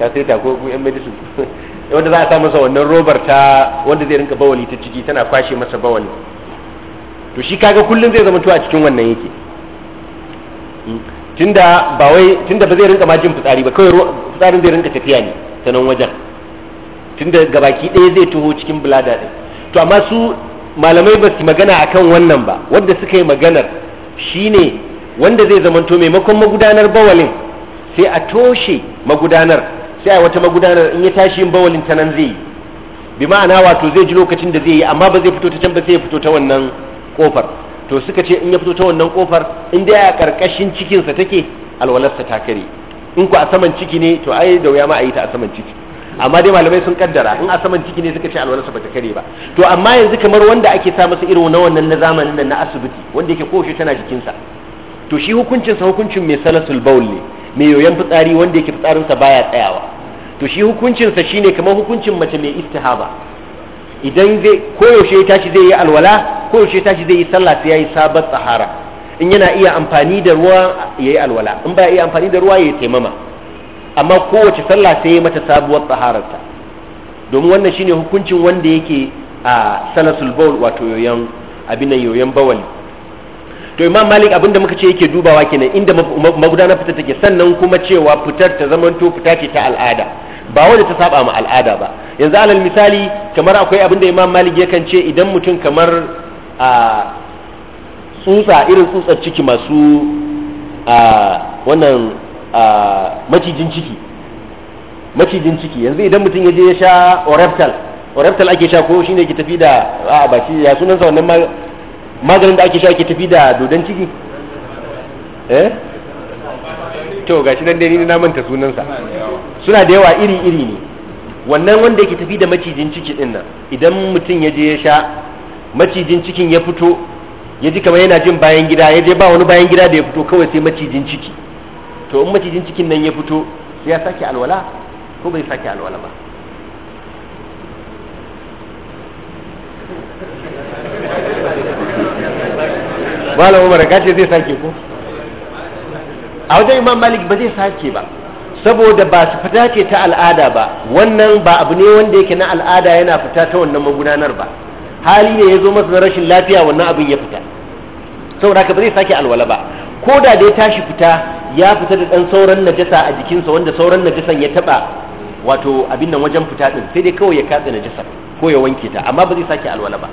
ta ko yan medicine <laughs> wanda za a sa masa wannan robar ta wanda zai rinka bawali ta ciki tana kwashe masa bawali to shi kaga kullum zai zama a cikin wannan yake mm. tunda ba wai tunda ba zai rinka ma jin fitsari ba kawai fitsarin zai rinka tafiya ne ta nan wajen tunda gabaki ɗaya zai taho cikin bulada ɗin to amma su malamai ba su magana akan wannan ba wanda suka yi maganar shine wanda zai zamanto maimakon magudanar bawalin sai a toshe magudanar sai a wata magudanar in ya tashi yin bawalin ta nan zai yi bi ma'ana wato zai ji lokacin da zai yi amma ba zai fito ta can ba sai ya fito ta wannan kofar to suka ce in ya fito ta wannan kofar in dai a karkashin cikinsa take alwalarsa ta kare in ku a saman ciki ne to ai da wuya ma a yi ta a saman ciki amma dai malamai sun kaddara in a saman ciki ne suka ce alwalarsa ba ta kare ba to amma yanzu kamar wanda ake sa masa irin na wannan na zamanin nan na asibiti wanda yake koshi tana jikinsa to shi hukuncinsa hukuncin mai salasul bawl ne mai yoyon fitsari wanda yake fitsarinsa baya tsayawa to shi hukuncinsa shine kamar hukuncin mace mai istihaba idan zai koyaushe ya tashi zai yi alwala koyaushe ya tashi zai yi sallah sai ya yi sabon tsahara in yana iya amfani da ruwa ya yi alwala in ba iya amfani da ruwa ya yi taimama amma kowace sallah sai ya mata sabuwar tsahararta domin wannan shine hukuncin wanda yake a salasul bawl wato yoyon abin nan yoyon bawali to imam malik abinda muka ce yake dubawa kenan inda magudanar fitar take sannan kuma cewa fitar ta to fita ce ta al'ada ba wanda ta saba ma al'ada ba yanzu alal misali kamar akwai abinda imam malik yakan ce idan mutum kamar a tsutsa irin tsutsar ciki masu a wannan a macijin ciki macijin ciki yanzu idan mutum ya je ya sha oreptal oreptal ake sha ko shine ke tafi da a ba shi ya sunan sa wannan maganin da ake sha ake tafi da dodon ciki eh to gashi nan dai ni na manta sunansa suna da yawa iri iri ne wannan wanda yake tafi da macijin ciki din nan idan mutum ya je ya sha macijin cikin ya fito ya ji kamar yana jin bayan gida ya je ba wani bayan gida da ya fito kawai sai macijin ciki to in macijin cikin nan ya fito sai ya sake alwala ko bai sake alwala ba malam umar ka ce zai sake ko a wajen imam malik ba zai sake ba saboda ba su fita ce ta al'ada ba wannan ba abu ne wanda yake na al'ada yana fita ta wannan magudanar ba hali ne ya zo masa na rashin lafiya wannan abin ya fita saboda ka ba zai sake alwala ba ko da da ya tashi fita ya fita da dan sauran najasa a jikinsa wanda sauran najasan ya taba wato abin nan wajen fita din sai dai kawai ya katse najasa ko ya wanke ta amma ba zai sake alwala ba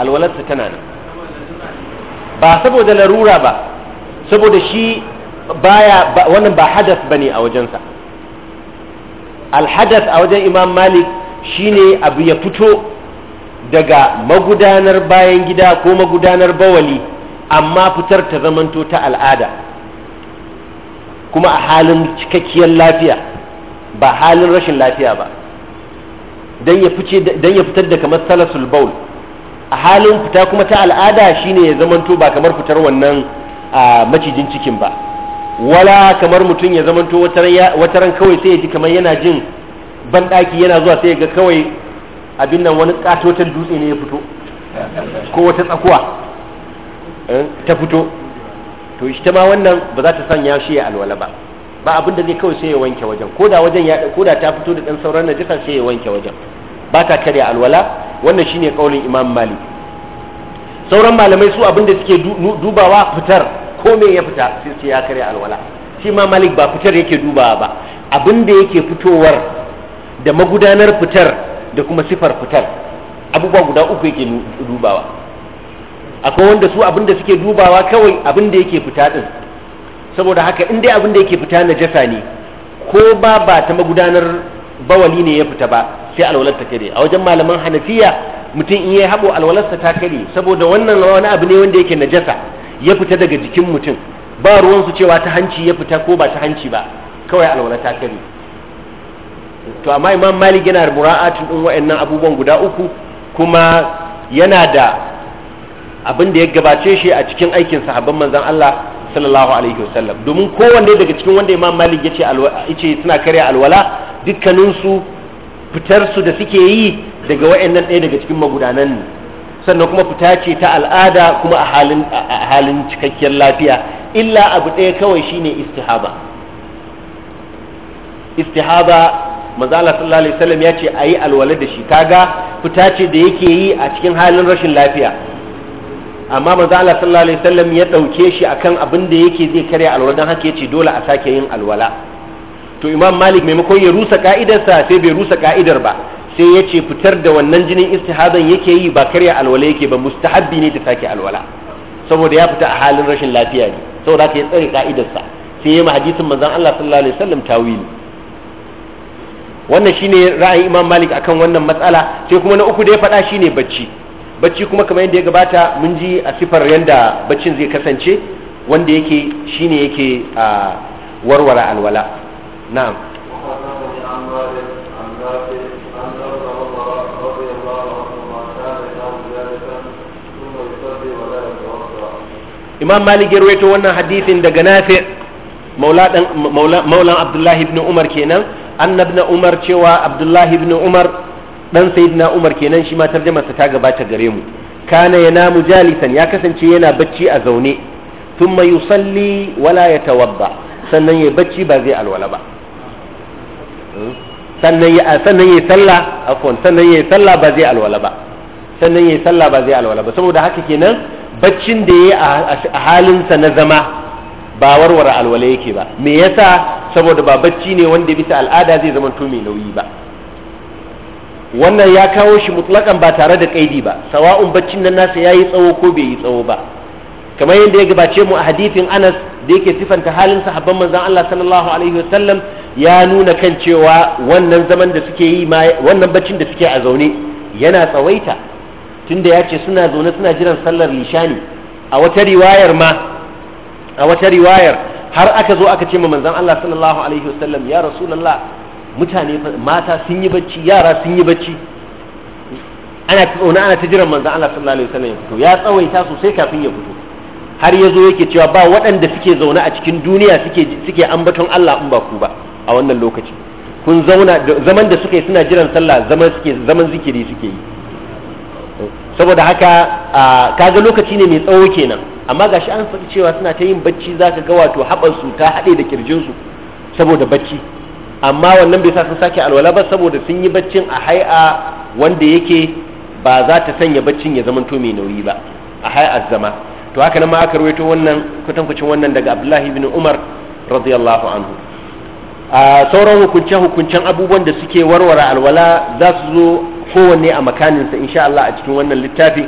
alwalarsa tana nan ba saboda larura ba saboda shi baya wannan ba hadas bane a wajensa alhadas a wajen imam malik shine abu ya fito daga magudanar bayan gida ko magudanar bawali amma fitar ta zamanto ta al'ada kuma a halin cikakkiyar lafiya ba halin rashin lafiya ba don ya fitar da kamar salasul baul a halin fita kuma ta al'ada shine ya zamanto ba kamar fitar wannan macijin cikin ba wala kamar mutum ya zamanto ran kawai sai ya ji kamar yana jin banɗaki yana zuwa sai ya ga kawai abin nan wani katotar dutse ne ya fito ko wata tsakuwa eh, ta fito to shi ta ma wannan ba za ta sanya shi ya alwala ba ba abin da zai kawai sai ya wanke wajen ko da wajen ya ko da ta fito da dan sauran najasa sai ya wanke wajen ba ta karya alwala wannan shine kaulin imam malik sauran malamai su abinda suke dubawa fitar ko me ya fita sai sai ya karya alwala shi ma malik ba fitar yake dubawa ba abinda yake fitowar da magudanar fitar da kuma sifar fitar abubuwa guda uku yake dubawa akwai wanda su abinda suke dubawa kawai abinda yake fita din saboda haka in dai abinda yake fita najasa ne ko ba ba ta magudanar bawali ne ya fita ba sai alwalar ta kare a wajen malaman hanafiya mutum in yayi habo alwalarsa ta kare saboda wannan wani abu ne wanda yake najasa ya fita daga jikin mutum ba ruwansu cewa ta hanci ya fita ko ba ta hanci ba kawai alwala ta kare to amma imam malik yana mura'atin din wa'annan abubuwan guda uku kuma yana da abin da ya gabace shi a cikin aikin sahabban manzon Allah sallallahu alaihi wasallam domin kowanne daga cikin wanda imam malik yace yace suna karya alwala dukkaninsu fitar su da suke yi daga wayannan ɗaya daga cikin magudanan ne sannan kuma fita ce ta al'ada kuma a halin a halin cikakkiyar lafiya illa abu ɗaya kawai shine istihaba istihaba manzo Allah sallallahu alaihi wasallam ya ce ayi alwala da shi kaga fita ce da yake yi a cikin halin rashin lafiya amma manzo Allah sallallahu alaihi wasallam ya dauke shi akan abin da yake zai karya alwala dan haka yace dole a sake yin alwala to imam malik maimakon ya rusa ka'idarsa sai bai rusa ka'idar ba sai ya ce fitar da wannan jinin istihadan yake yi ba karya alwala yake ba mustahabbi ne ta sake alwala saboda ya fita a halin rashin lafiya ne saboda ka ya tsare ka'idarsa sai ya ma hadisin manzon Allah sallallahu alaihi wasallam tawili wannan shine ra'ayin imam malik akan wannan matsala sai kuma na uku da ya faɗa shine bacci bacci kuma kamar yadda ya gabata mun ji a sifar yadda baccin zai kasance wanda yake shine yake a warware alwala na'am imam malik ya rawaito wannan hadisin daga nafi maulan abdullahi ibn umar kenan annabna umar cewa abdullahi ibn umar dan sayyidina umar kenan shi ma tarjamarsa ta gabata gare mu kana yanamu jalisan ya kasance yana bacci a zaune thumma yusalli wala tawabba sannan ya bacci ba zai alwala ba sannan ya sannan yayi sallah afwan sannan ya sallah ba zai alwala ba sannan ya sallah ba zai alwala ba saboda haka kenan baccin da yayi a halin sa na zama ba warware alwala yake ba me yasa saboda ba bacci ne wanda bisa al'ada zai zama to mai nauyi ba wannan ya kawo shi mutlakan ba tare da kaidi ba sawa'un baccin nan nasa yayi tsawo ko bai yi tsawo ba kamar yadda ya gabace mu a hadithin Anas da yake sifanta halin sahabban manzon Allah sallallahu alaihi wa sallam ya nuna kan cewa wannan zaman da suke yi ma wannan baccin da suke a zaune yana tsawaita tunda ya ce suna zaune suna jiran sallar lishani a wata riwayar ma a wata riwayar har aka zo aka ce ma manzon Allah sallallahu alaihi wa sallam ya rasulullah mutane mata sun yi bacci yara sun yi bacci ana tsauna ana ta jiran manzon Allah sallallahu alaihi wa sallam to ya tsawaita sosai kafin ya fito har ya zo yake cewa ba waɗanda suke zaune a cikin duniya suke suke ambaton Allah in ba ku ba a wannan lokaci kun zauna zaman da suke suna jiran sallah zaman suke zaman zikiri suke yi saboda haka kaga lokaci ne mai tsawo kenan amma gashi an faɗi cewa suna ta yin bacci zaka ga wato haɓar su ta haɗe da kirjin su saboda bacci amma wannan bai sa sun sake alwala ba saboda sun yi baccin a hai'a wanda yake ba za ta sanya baccin ya zamanto mai nauyi ba a hai'ar zama to haka nan ma aka rawaito wannan kutankucin wannan daga abdullahi ibn umar radiyallahu anhu a sauran hukunce hukuncen abubuwan da suke warware alwala za su zo kowanne a makaninsa insha Allah a cikin wannan littafi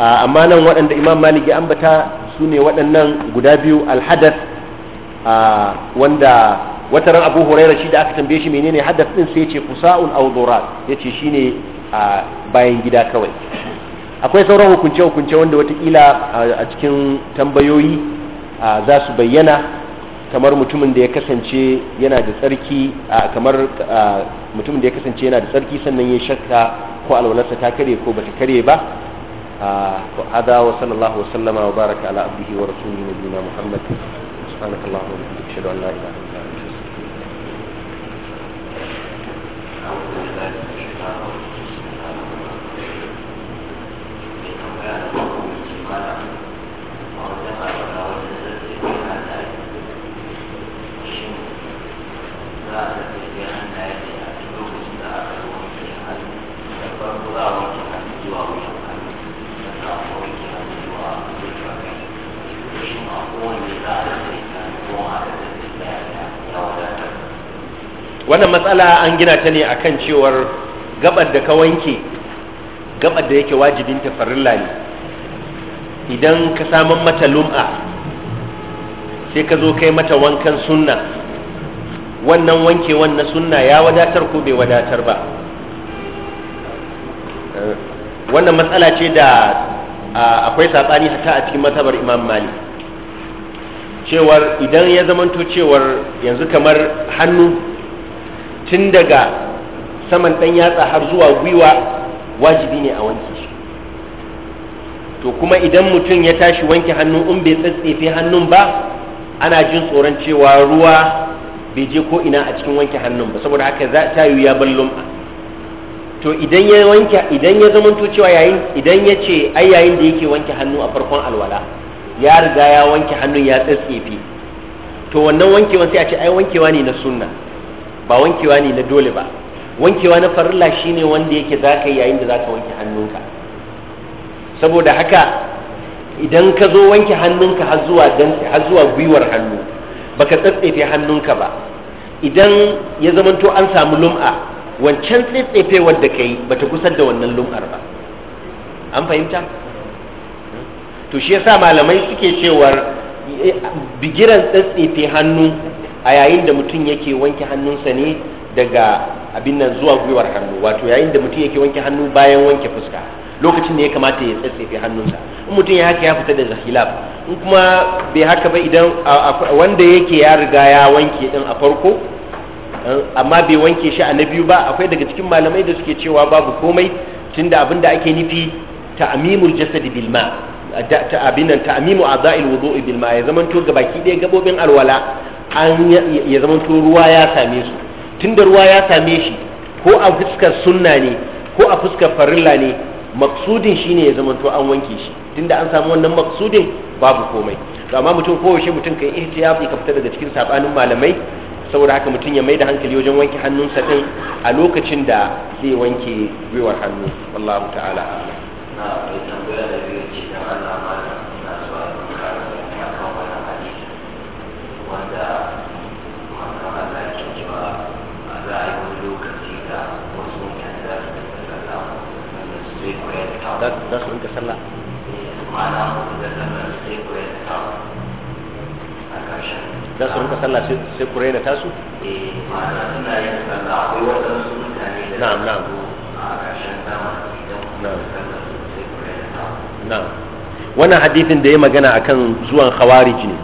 amma nan waɗanda imam malik ya ambata su ne waɗannan guda biyu alhadas wanda wata ran abu huraira shi da aka tambaye shi menene hadas din sai ya ce fusa'un aw durat yace shine bayan gida kawai akwai sauran hukunce hukunce wanda watakila a cikin tambayoyi za su bayyana kamar mutumin da ya kasance yana da tsarki kamar mutumin da ya kasance yana da tsarki sannan ya shakka ko alwalarsa ta kare ko bata kare ba wa وصلى الله وسلم وبارك على عبده ورسوله نبينا محمد سبحانك اللهم muhammad اشهد wa لا اله الا انت استغفرك wannan matsala an gina ta ne akan cewar gabar da ka wanke gabar da yake wajibin ta farilla ne idan ka saman mata lum'a sai ka zo kai mata wankan sunna wannan wanke wannan sunna ya wadatar ko bai wadatar ba wannan matsala ce da akwai saɓani hata a cikin matabar imam mali cewar idan ya zamanto cewar yanzu kamar hannu tun daga saman ɗan yatsa har zuwa gwiwa wajibi ne a wanke shi to kuma idan mutum ya tashi wanke hannu in bai tsatsefe hannun ba ana jin tsoron cewa ruwa bai je ko ina a cikin wanke hannun ba saboda haka za ta yi ya ballon to idan ya wanke idan ya to cewa yayin idan ya ce ai yayin da yake wanke hannu a farkon alwala ya riga ya wanke hannun ya tsatsefe to wannan wankewa sai a ce ai wankewa ne na sunna ba wankewa ne na dole ba wankewa na farilla shine wanda yake za ka yi yayin da za ka wanke hannunka saboda haka idan ka zo wanke hannunka har zuwa zuwa gwiwar hannu baka tsatsefe hannunka ba idan ya zamanto an samu lum'a wancan tsatsefewar da ka yi ta kusar da wannan lum'ar ba an fahimta to shi yasa malamai suke cewar eh, bigiran tsatsefe hannu a yayin da mutum yake wanke hannunsa ne daga abin nan zuwa gwiwar hannu wato yayin da mutum yake wanke hannu bayan wanke fuska lokacin da ya kamata ya tsatsefe hannunsa in mutum ya haka ya fita da zahilaf in kuma bai haka ba idan wanda yake ya riga ya wanke din a farko eh, amma bai wanke shi a na biyu ba akwai daga cikin malamai da suke cewa babu komai tunda abin da ake nufi ta'mimul jasadi bil ma ta abin nan ta'mimu a'dha'il wudu'i bil ma ya zamanto gabaki ɗaya gabobin alwala an ya zamanto ruwa ya same su tun da ruwa ya same shi ko a fuskar sunna ne ko a fuskar farilla ne maksudin shi ne ya zama zamanto an wanke shi tunda an samu wannan maksudin babu komai to amma mutum ko yaushe mutum kan ya ka fita daga cikin sabanin malamai saboda haka mutum ya mai da hankali wajen wanke hannunsa din a lokacin da zai wanke gwiwar hannu wallahu ta'ala za su rinka sallah za su rinka sallah sai ku raina tasu? wannan hadithin da ya magana akan zuwan khawarij ne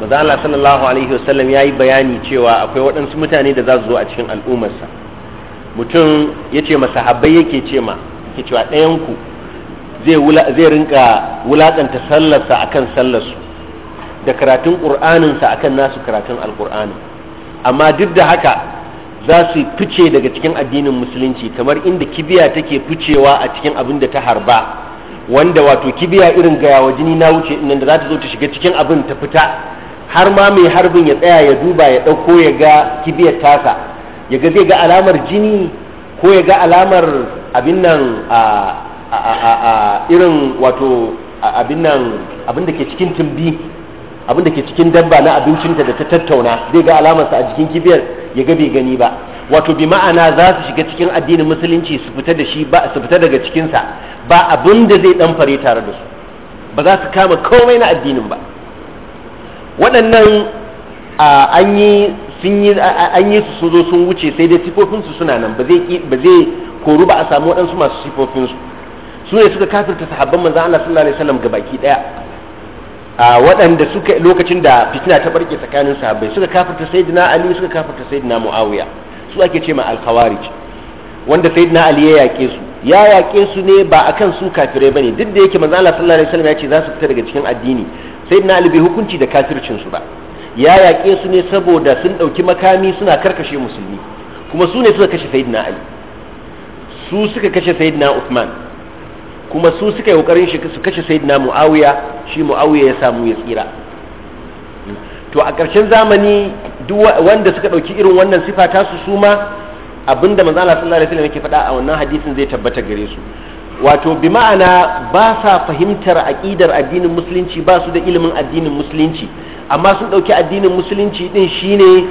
maza Allah sallallahu alaihi wasallam ya yi bayani cewa akwai waɗansu mutane da za su zo a cikin al'ummarsa mutum ya ce masahabbai yake ce ma yake cewa ɗayan ku zai rinka wulakanta sallarsa akan sallarsu da karatun ƙur'aninsa akan nasu karatun alƙur'ani amma duk da haka za su fice daga cikin addinin musulunci kamar inda kibiya take ficewa a cikin abin da ta harba wanda wato kibiya irin gayawa jini na wuce inda za ta zo ta shiga cikin abin ta fita har ma mai harbin ya tsaya ya duba ya ɗauko ya ga kibiyar tasa ya ga zai ga alamar jini ko ya ga alamar abin nan a irin wato abin nan abin da ke cikin tumbi abin da ke cikin dabba na abincinta da ta tattauna zai ga alamarsa a jikin kibiyar ya ga bai gani ba wato bi ma'ana za su shiga cikin addinin musulunci su fita da shi ba su fita daga cikinsa ba abin da zai dan fare tare da su ba za su kama komai na addinin ba waɗannan an yi sun yi an yi su sun zo sun wuce sai dai sifofinsu suna nan ba zai koru ba a samu waɗansu masu sifofinsu su ne suka kafirta sahabban manzan Allah sallallahu alaihi wasallam baki daya a waɗanda suka lokacin da fitina ta barke tsakanin sahabbai suka kafirta sayyidina Ali suka kafirta sayyidina Muawiya su ake ce ma al-khawarij wanda sayyidina Ali ya yake su ya yaƙe su ne ba akan su kafirai bane duk da yake manzan Allah sallallahu alaihi wasallam ya ce za su fita daga cikin addini sayyidina Ali bai hukunci da kafircin su ba ya yaƙe su ne saboda sun ɗauki makami suna karkashe musulmi kuma su ne suka kashe sayidina ali su suka kashe sayidina uthman kuma su suka yi ƙoƙarin shi su kashe sayidina muawiya shi muawiya ya samu ya tsira to a ƙarshen zamani duk wanda suka ɗauki irin wannan sifa ta su suma abinda manzo Allah sallallahu alaihi wasallam yake faɗa a wannan hadisin zai tabbata gare su wato bi ma'ana ba sa fahimtar aqidar addinin musulunci ba su da ilimin addinin musulunci amma sun ɗauki addinin musulunci din shine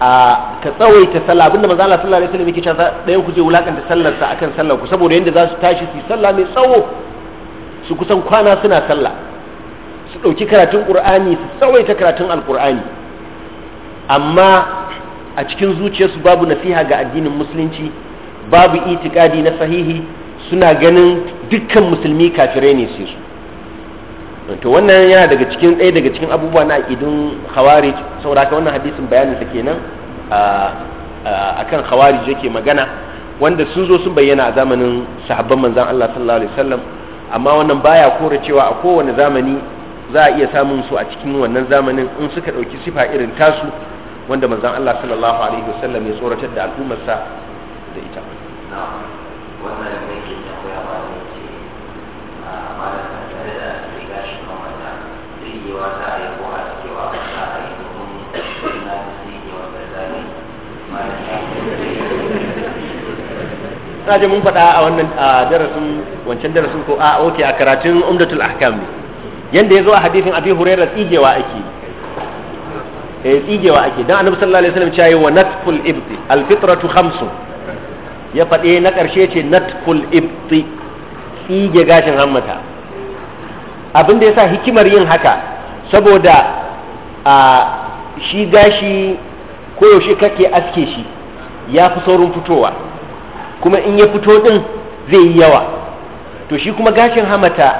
a ka tsawaita sallah abinda manzo Allah sallallahu alaihi wasallam yake cewa ɗayan ku zai wulakanta sallar sa akan sallar ku saboda yanda za su tashi su sallah mai tsawo su kusan kwana suna sallah su ɗauki karatun qur'ani su tsawaita karatun alqur'ani amma a cikin zuciyarsu babu nasiha ga addinin musulunci babu itikadi na sahihi suna ganin dukkan musulmi kafirai ne sai su to wannan yana daga cikin ɗaya daga cikin abubuwa na idun khawarij saboda haka wannan hadisin bayanin sa kenan a kan khawarij yake magana wanda sun zo sun bayyana a zamanin sahabban manzan Allah sallallahu alaihi wasallam amma wannan baya kore cewa a kowane zamani za a iya samun su a cikin wannan zamanin in suka ɗauki sifa irin tasu wanda manzan Allah sallallahu alaihi wasallam ya tsoratar da sa da ita. na je mun faɗa a wannan darasin wancan darasin ko a oke a karatun umdatul ahkam ne yanda ya zo a hadisin abi huraira tsigewa ake eh tsigewa ake dan annabi sallallahu alaihi wasallam cewa wa natful ibti al fitratu khamsu ya faɗe na ƙarshe ce natful ibti tsige gashin hammata abin da yasa hikimar yin haka saboda a shi gashi koyaushe kake aske shi ya fi saurin fitowa kuma in ya fito din zai yi yawa to shi kuma gashin hamata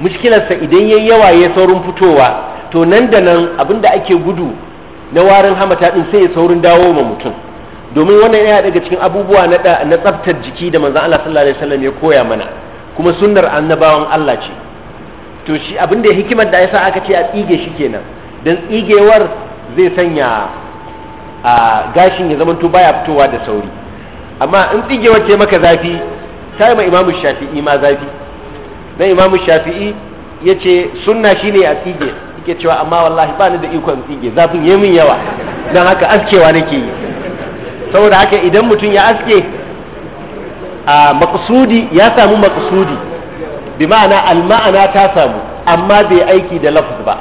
mushkilarsa idan ya yi yawa ya saurin fitowa to nan da nan abinda ake gudu na warin hamata din sai ya saurin dawo ma mutum domin wannan yana daga cikin abubuwa na na tsaftar jiki da manzon Allah sallallahu alaihi wasallam ya koya mana kuma sunnar annabawan Allah ce to shi abinda hikimar da yasa aka ce a tsige shi kenan dan tsigewar zai sanya a gashin ya zamanto baya fitowa da sauri amma in tsige wacce maka zafi ta yi ma imamu shafi'i ma zafi na imamu shafi'i ya ce sunna ne a tsige ke cewa amma wallahi ba ni da ikon tsige zafin ya min yawa don haka askewa nake yi saboda haka idan mutum ya aske a makusudi ya samu makusudi bi ma'ana alma'ana ta samu amma bai aiki da lafz ba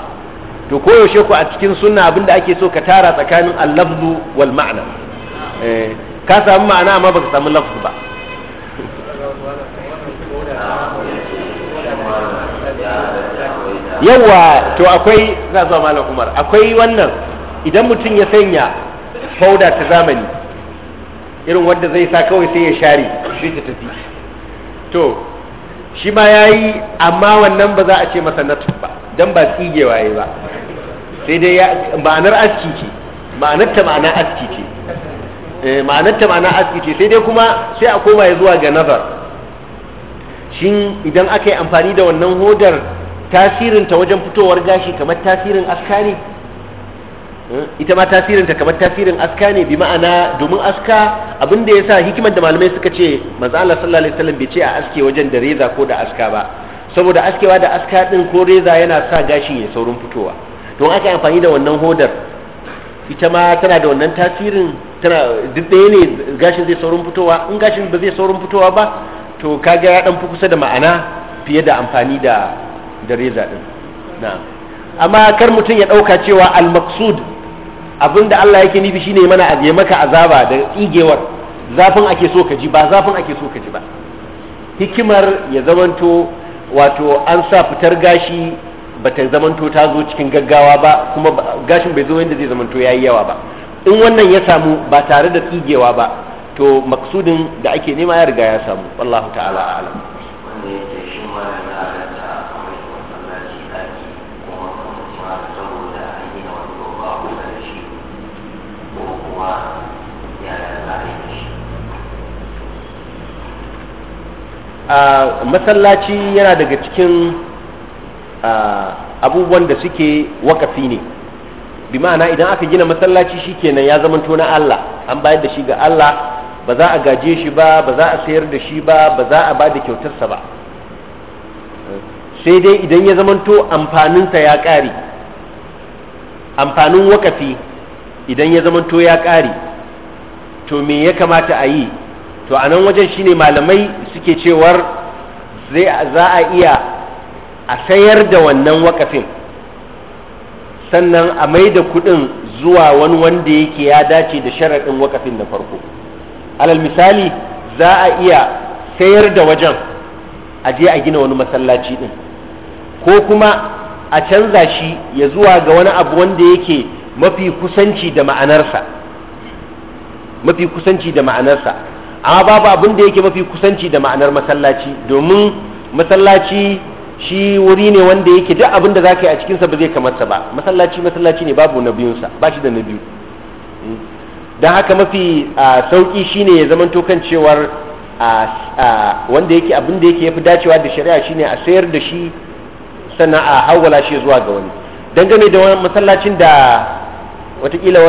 to koyaushe ku a cikin sunna abinda ake so ka tara tsakanin allafzu wal ma'ana eh. ka samu ma'ana amma baka samu lafzi ba yawa to akwai za zuwa malam umar akwai wannan idan mutum ya sanya fauda ta zamani irin wanda zai sa kawai sai ya share shi ta tafi to shi ma ya yi amma wannan ba za a ce masa natu ba don ba tsigewa ya ba sai dai ma'anar aski ce ma'anar ta ma'ana aski ce Eh, ma'anar ma'ana aski ce sai dai kuma sai a koma zuwa ga nazar shin idan aka yi amfani da wannan hodar tasirinta wajen fitowar gashi kamar tasirin aska ne eh, ita ma tasirinta kamar tasirin aska ne bi ma'ana domin aska abin da ya hikimar da malamai suka ce manzo Allah sallallahu alaihi wasallam bai ce a aske wajen da reza ko da aska ba saboda askewa da aska din ko reza yana sa gashi ya saurin fitowa don aka yi amfani da wannan hodar ita ma tana da wannan tasirin tana duk ɗaya ne gashin zai saurin fitowa in gashin ba zai saurin fitowa ba to kaga ya ɗan fi kusa da ma'ana fiye da amfani da da reza ɗin na amma kar mutum ya ɗauka cewa al-maqsud abinda Allah yake nufi shine mana a maka azaba da igewar zafin ake so ka ji ba zafin ake so ka ji ba hikimar ya zamanto wato an sa fitar gashi Ba bata zamanto ta zo cikin gaggawa ba kuma gashin bai zo yadda zai zamanto yi yawa ba in wannan ya samu ba tare da tsigewa ba to maksudin da ake nema ya riga ya samu wallahu ta'ala a'lam a masallaci yana daga cikin abubuwan da suke wakafi ne bi ma'ana idan aka gina masallaci shikenan ya zamanto na Allah an bayar da shi ga Allah ba za a gaje shi ba ba za a sayar da shi ba ba za a ba da kyautarsa ba sai dai idan ya zamanto amfaninsa ya ƙare amfanin wakafi idan ya zamanto ya ƙare to me ya kamata a yi to a nan wajen shine malamai suke cewar za a iya a sayar da wannan wakafin sannan a mai da kuɗin zuwa wani wanda yake ya dace da sharaɗin wakafin da farko alal misali za a iya sayar da wajen a je a gina wani masallaci ɗin ko kuma a canza shi ya zuwa ga wani abu wanda yake mafi kusanci da ma'anarsa mafi kusanci da ma'anarsa amma babu abin da yake mafi kusanci da ma'anar masallaci domin masallaci shi wuri ne wanda yake duk abin da zaka yi a cikinsa ba zai kamata ba masallaci masallaci ne babu na biyunsa ba shi da na biyu don haka mafi sauki shine ya zamanto kan cewar wanda yake abin da yake yafi dacewa da shari'a shine a sayar da shi sannan a hawala shi zuwa ga wani dangane da wani masallacin da watakila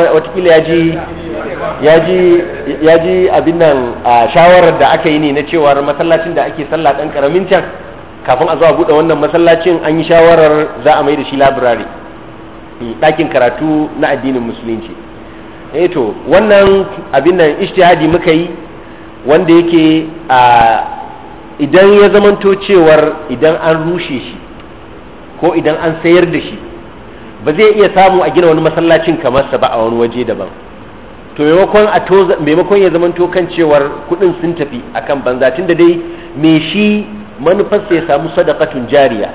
ya ji abin nan shawarar da aka yi ne na cewar masallacin da ake sallah ɗan ƙaramin can kafin a zuwa buɗe wannan masallacin an yi shawarar za a mai da shi labirare eh, ɗakin karatu na addinin musulunci eh to wannan abin nan ishtihadi muka yi wanda yake a idan ya zamanto cewar idan an rushe shi ko idan an sayar da shi ba zai iya samu a gina wani masallacin kamar sa ba a wani waje daban to maimakon a to maimakon ya zamanto kan cewar kudin sun tafi akan banza da dai me shi manufarsa ya samu sadaqatun jariya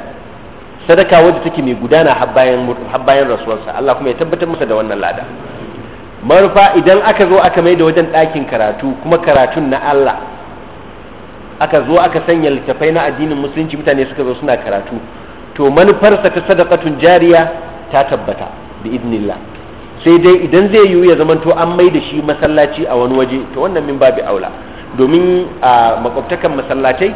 sadaka wadda take mai gudana har bayan har bayan rasuwarsa Allah kuma ya tabbatar masa da wannan lada manufa idan aka zo aka mai da wajen ɗakin karatu kuma karatun na Allah aka zo aka sanya littafai na addinin musulunci mutane suka zo suna karatu to manufarsa ta sadaqatun jariya ta tabbata bi idnillah sai dai idan zai yiwu ya zamanto an mai da shi masallaci a wani waje to wannan min babu aula domin a ah, makwabtakan masallatai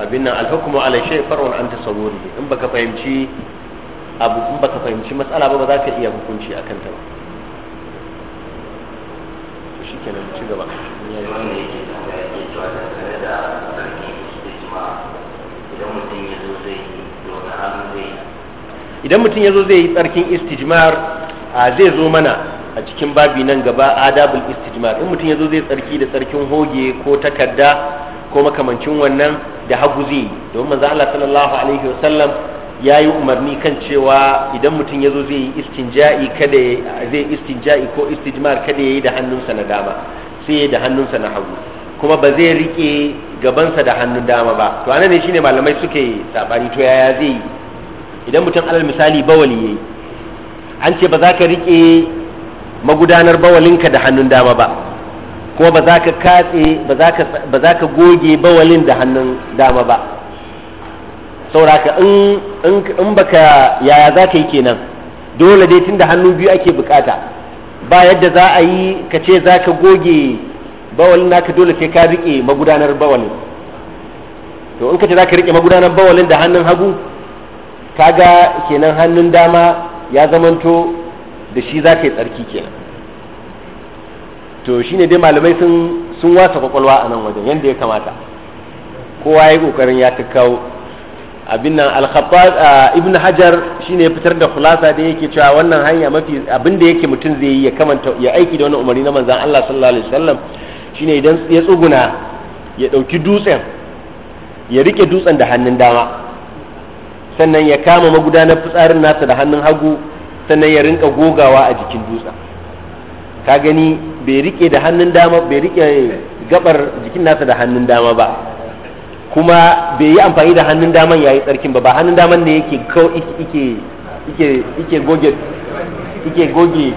abin nan alhukumu ala shay far'un an tasawuri in baka fahimci abu in baka fahimci matsala ba ba za ka iya hukunci akan ta ba shikenan ci gaba idan mutum ya zo zai yi tsarkin istijmar a zai zo mana a cikin babi nan gaba adabul istijmar in mutum ya zo zai tsarki da tsarkin hoge ko takarda ko makamancin wannan da hagu zai yi domin manzo Allah sallallahu alaihi wasallam ya yi umarni kan cewa idan mutum ya zo zai yi istinja'i kada zai istinja'i ko istijmar kada ya yi da hannunsa na dama sai ya da hannunsa na hagu kuma ba zai rike gabansa da hannun dama ba to anan ne shine malamai suke sabani to yaya zai yi idan mutum alal misali bawali yayi an ce ba za ka rike magudanar bawalinka da hannun dama ba ko ba za ka katse ba za ka goge bawalin da hannun dama ba sauraka in baka yaya za ka yi kenan dole dai tun da hannu biyu ake bukata ba yadda za a yi ka ce za ka goge bawalin naka dole sai ka rike magudanar bawalin to in ka ce za ka rike magudanar bawalin da hannun hagu kaga kenan hannun dama ya zamanto da shi za ka yi tsarki kenan to shine dai malamai sun sun wasa kwakwalwa a nan wajen yadda ya kamata kowa ya yi kokarin ya kawo abin nan ibn hajar shine ya fitar da kulasa da yake cewa wannan hanya mafi abin da yake mutum zai yi ya kamanta ya aiki da wani umarni na manzan Allah sallallahu alaihi wasallam shine idan ya tsuguna ya dauki dutsen ya rike dutsen da hannun dama sannan ya kama magudanar fitsarin nasa da hannun hagu sannan ya rinka gogawa a jikin dutsen ka gani bai rike da hannun dama bai rike gabar jikin nasa da hannun dama ba kuma bai yi amfani da hannun daman yayi tsarkin ba ba hannun daman ne yake ko yake yake yake goge yake goge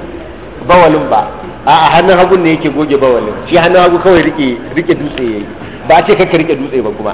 bawalin ba a hannun hagun ne yake goge bawalin shi hannun hagu kawai rike rike dutse yayi ba a ce kakka rike dutse ba kuma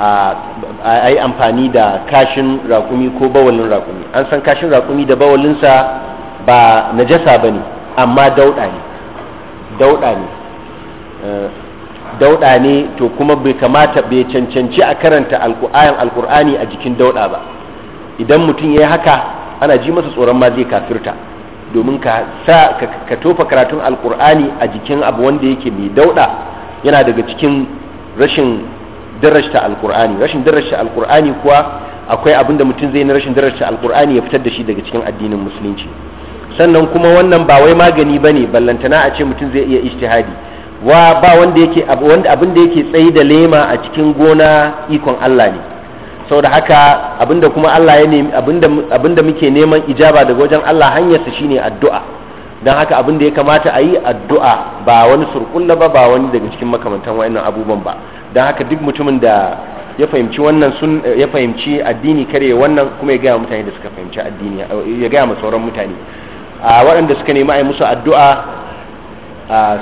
a yi amfani da kashin raƙumi ko bawalin rakumi an san kashin rakumi da bawalinsa ba najasa ba ne amma dauɗa ne dauɗa ne eh, dauɗa ne to kuma bai kamata bai cancanci a karanta alƙu'ayan alƙur'ani a jikin dauɗa ba idan mutum ya yi haka ana ji masa tsoron ma zai kafirta domin ka sa ka tofa karatun alƙur'ani a jikin abu wanda yake mai dauɗa yana daga cikin rashin darajta alkur'ani rashin darajta alkur'ani kuwa akwai abinda mutum zai na rashin darajta alkur'ani ya fitar da shi daga cikin addinin musulunci sannan kuma wannan ba wai magani bane ballantana a ce mutum zai iya ijtihadi wa ba wanda yake wanda abin da yake tsayi da lema a cikin gona ikon Allah ne saboda haka abinda kuma Allah ya nemi abinda abinda muke neman ijaba daga wajen Allah hanyarsa shine addu'a don haka abin da ya kamata a yi addu'a ba wani surkulla ba ba wani daga cikin makamantan wa'annan abubuwan ba don haka duk mutumin da ya fahimci wannan sun ya fahimci addini kare wannan kuma ya gaya mutane da suka fahimci addini ya gaya ma sauran mutane a waɗanda suka nemi a yi musu addu'a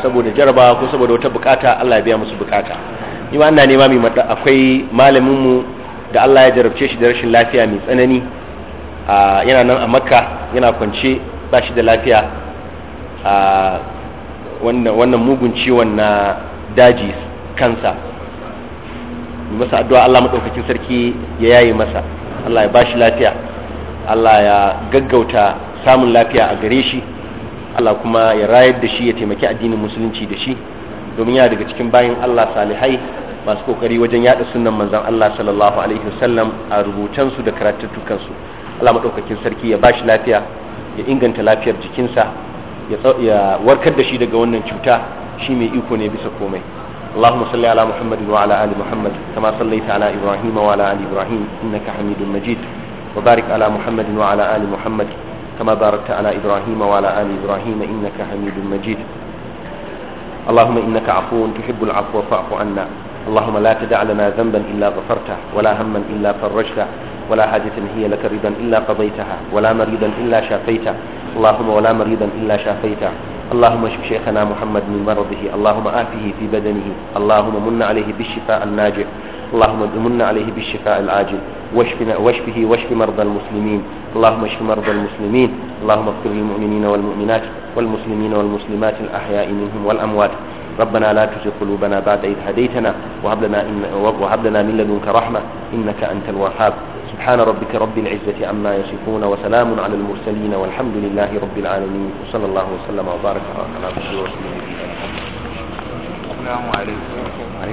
saboda jarabawa ko saboda wata bukata Allah ya biya musu bukata ni ma ina nema mai akwai malamin mu da Allah ya jarabce shi da rashin lafiya mai tsanani yana nan a Makka yana kwance ba shi da lafiya wannan mugun ciwon na daji kansa masa addu'a Allah maɗaukakin sarki ya yaye masa Allah ya bashi lafiya Allah ya gaggauta samun lafiya a gare shi Allah kuma ya rayar da shi ya taimaki addinin musulunci da shi domin yana daga cikin bayan Allah salihai masu kokari wajen yada sunan manzan Allah sallallahu alaihi wasallam a rubutansu da karatuttukansu Allah maɗaukakin sarki ya ba shi lafiya ya inganta lafiyar jikinsa ya warkar da shi daga wannan cuta shi mai iko ne bisa komai اللهم صل على محمد وعلى آل محمد كما صليت على إبراهيم وعلى آل إبراهيم إنك حميد مجيد وبارك على محمد وعلى آل محمد كما باركت على إبراهيم وعلى آل إبراهيم إنك حميد مجيد اللهم إنك عفو تحب العفو فاعف عنا اللهم لا تدع لنا ذنبا إلا غفرته ولا هما إلا فرجته ولا حاجة هي لك رضا إلا قضيتها ولا مريضا إلا شافيته اللهم ولا مريضا إلا شافيته اللهم اشف شيخنا محمد من مرضه اللهم آفه في بدنه اللهم من عليه بالشفاء الناجع اللهم من عليه بالشفاء العاجل واشفه واشف مرضى المسلمين اللهم اشف مرضى المسلمين اللهم اغفر للمؤمنين والمؤمنات والمسلمين والمسلمات الأحياء منهم والأموات ربنا لا تزغ قلوبنا بعد إذ هديتنا إن وهب لنا من لدنك رحمة إنك أنت الوهاب سبحان ربك رب العزة عما يصفون وسلام على المرسلين والحمد لله رب العالمين وصلى الله وسلم وبارك على رسول الله السلام عليكم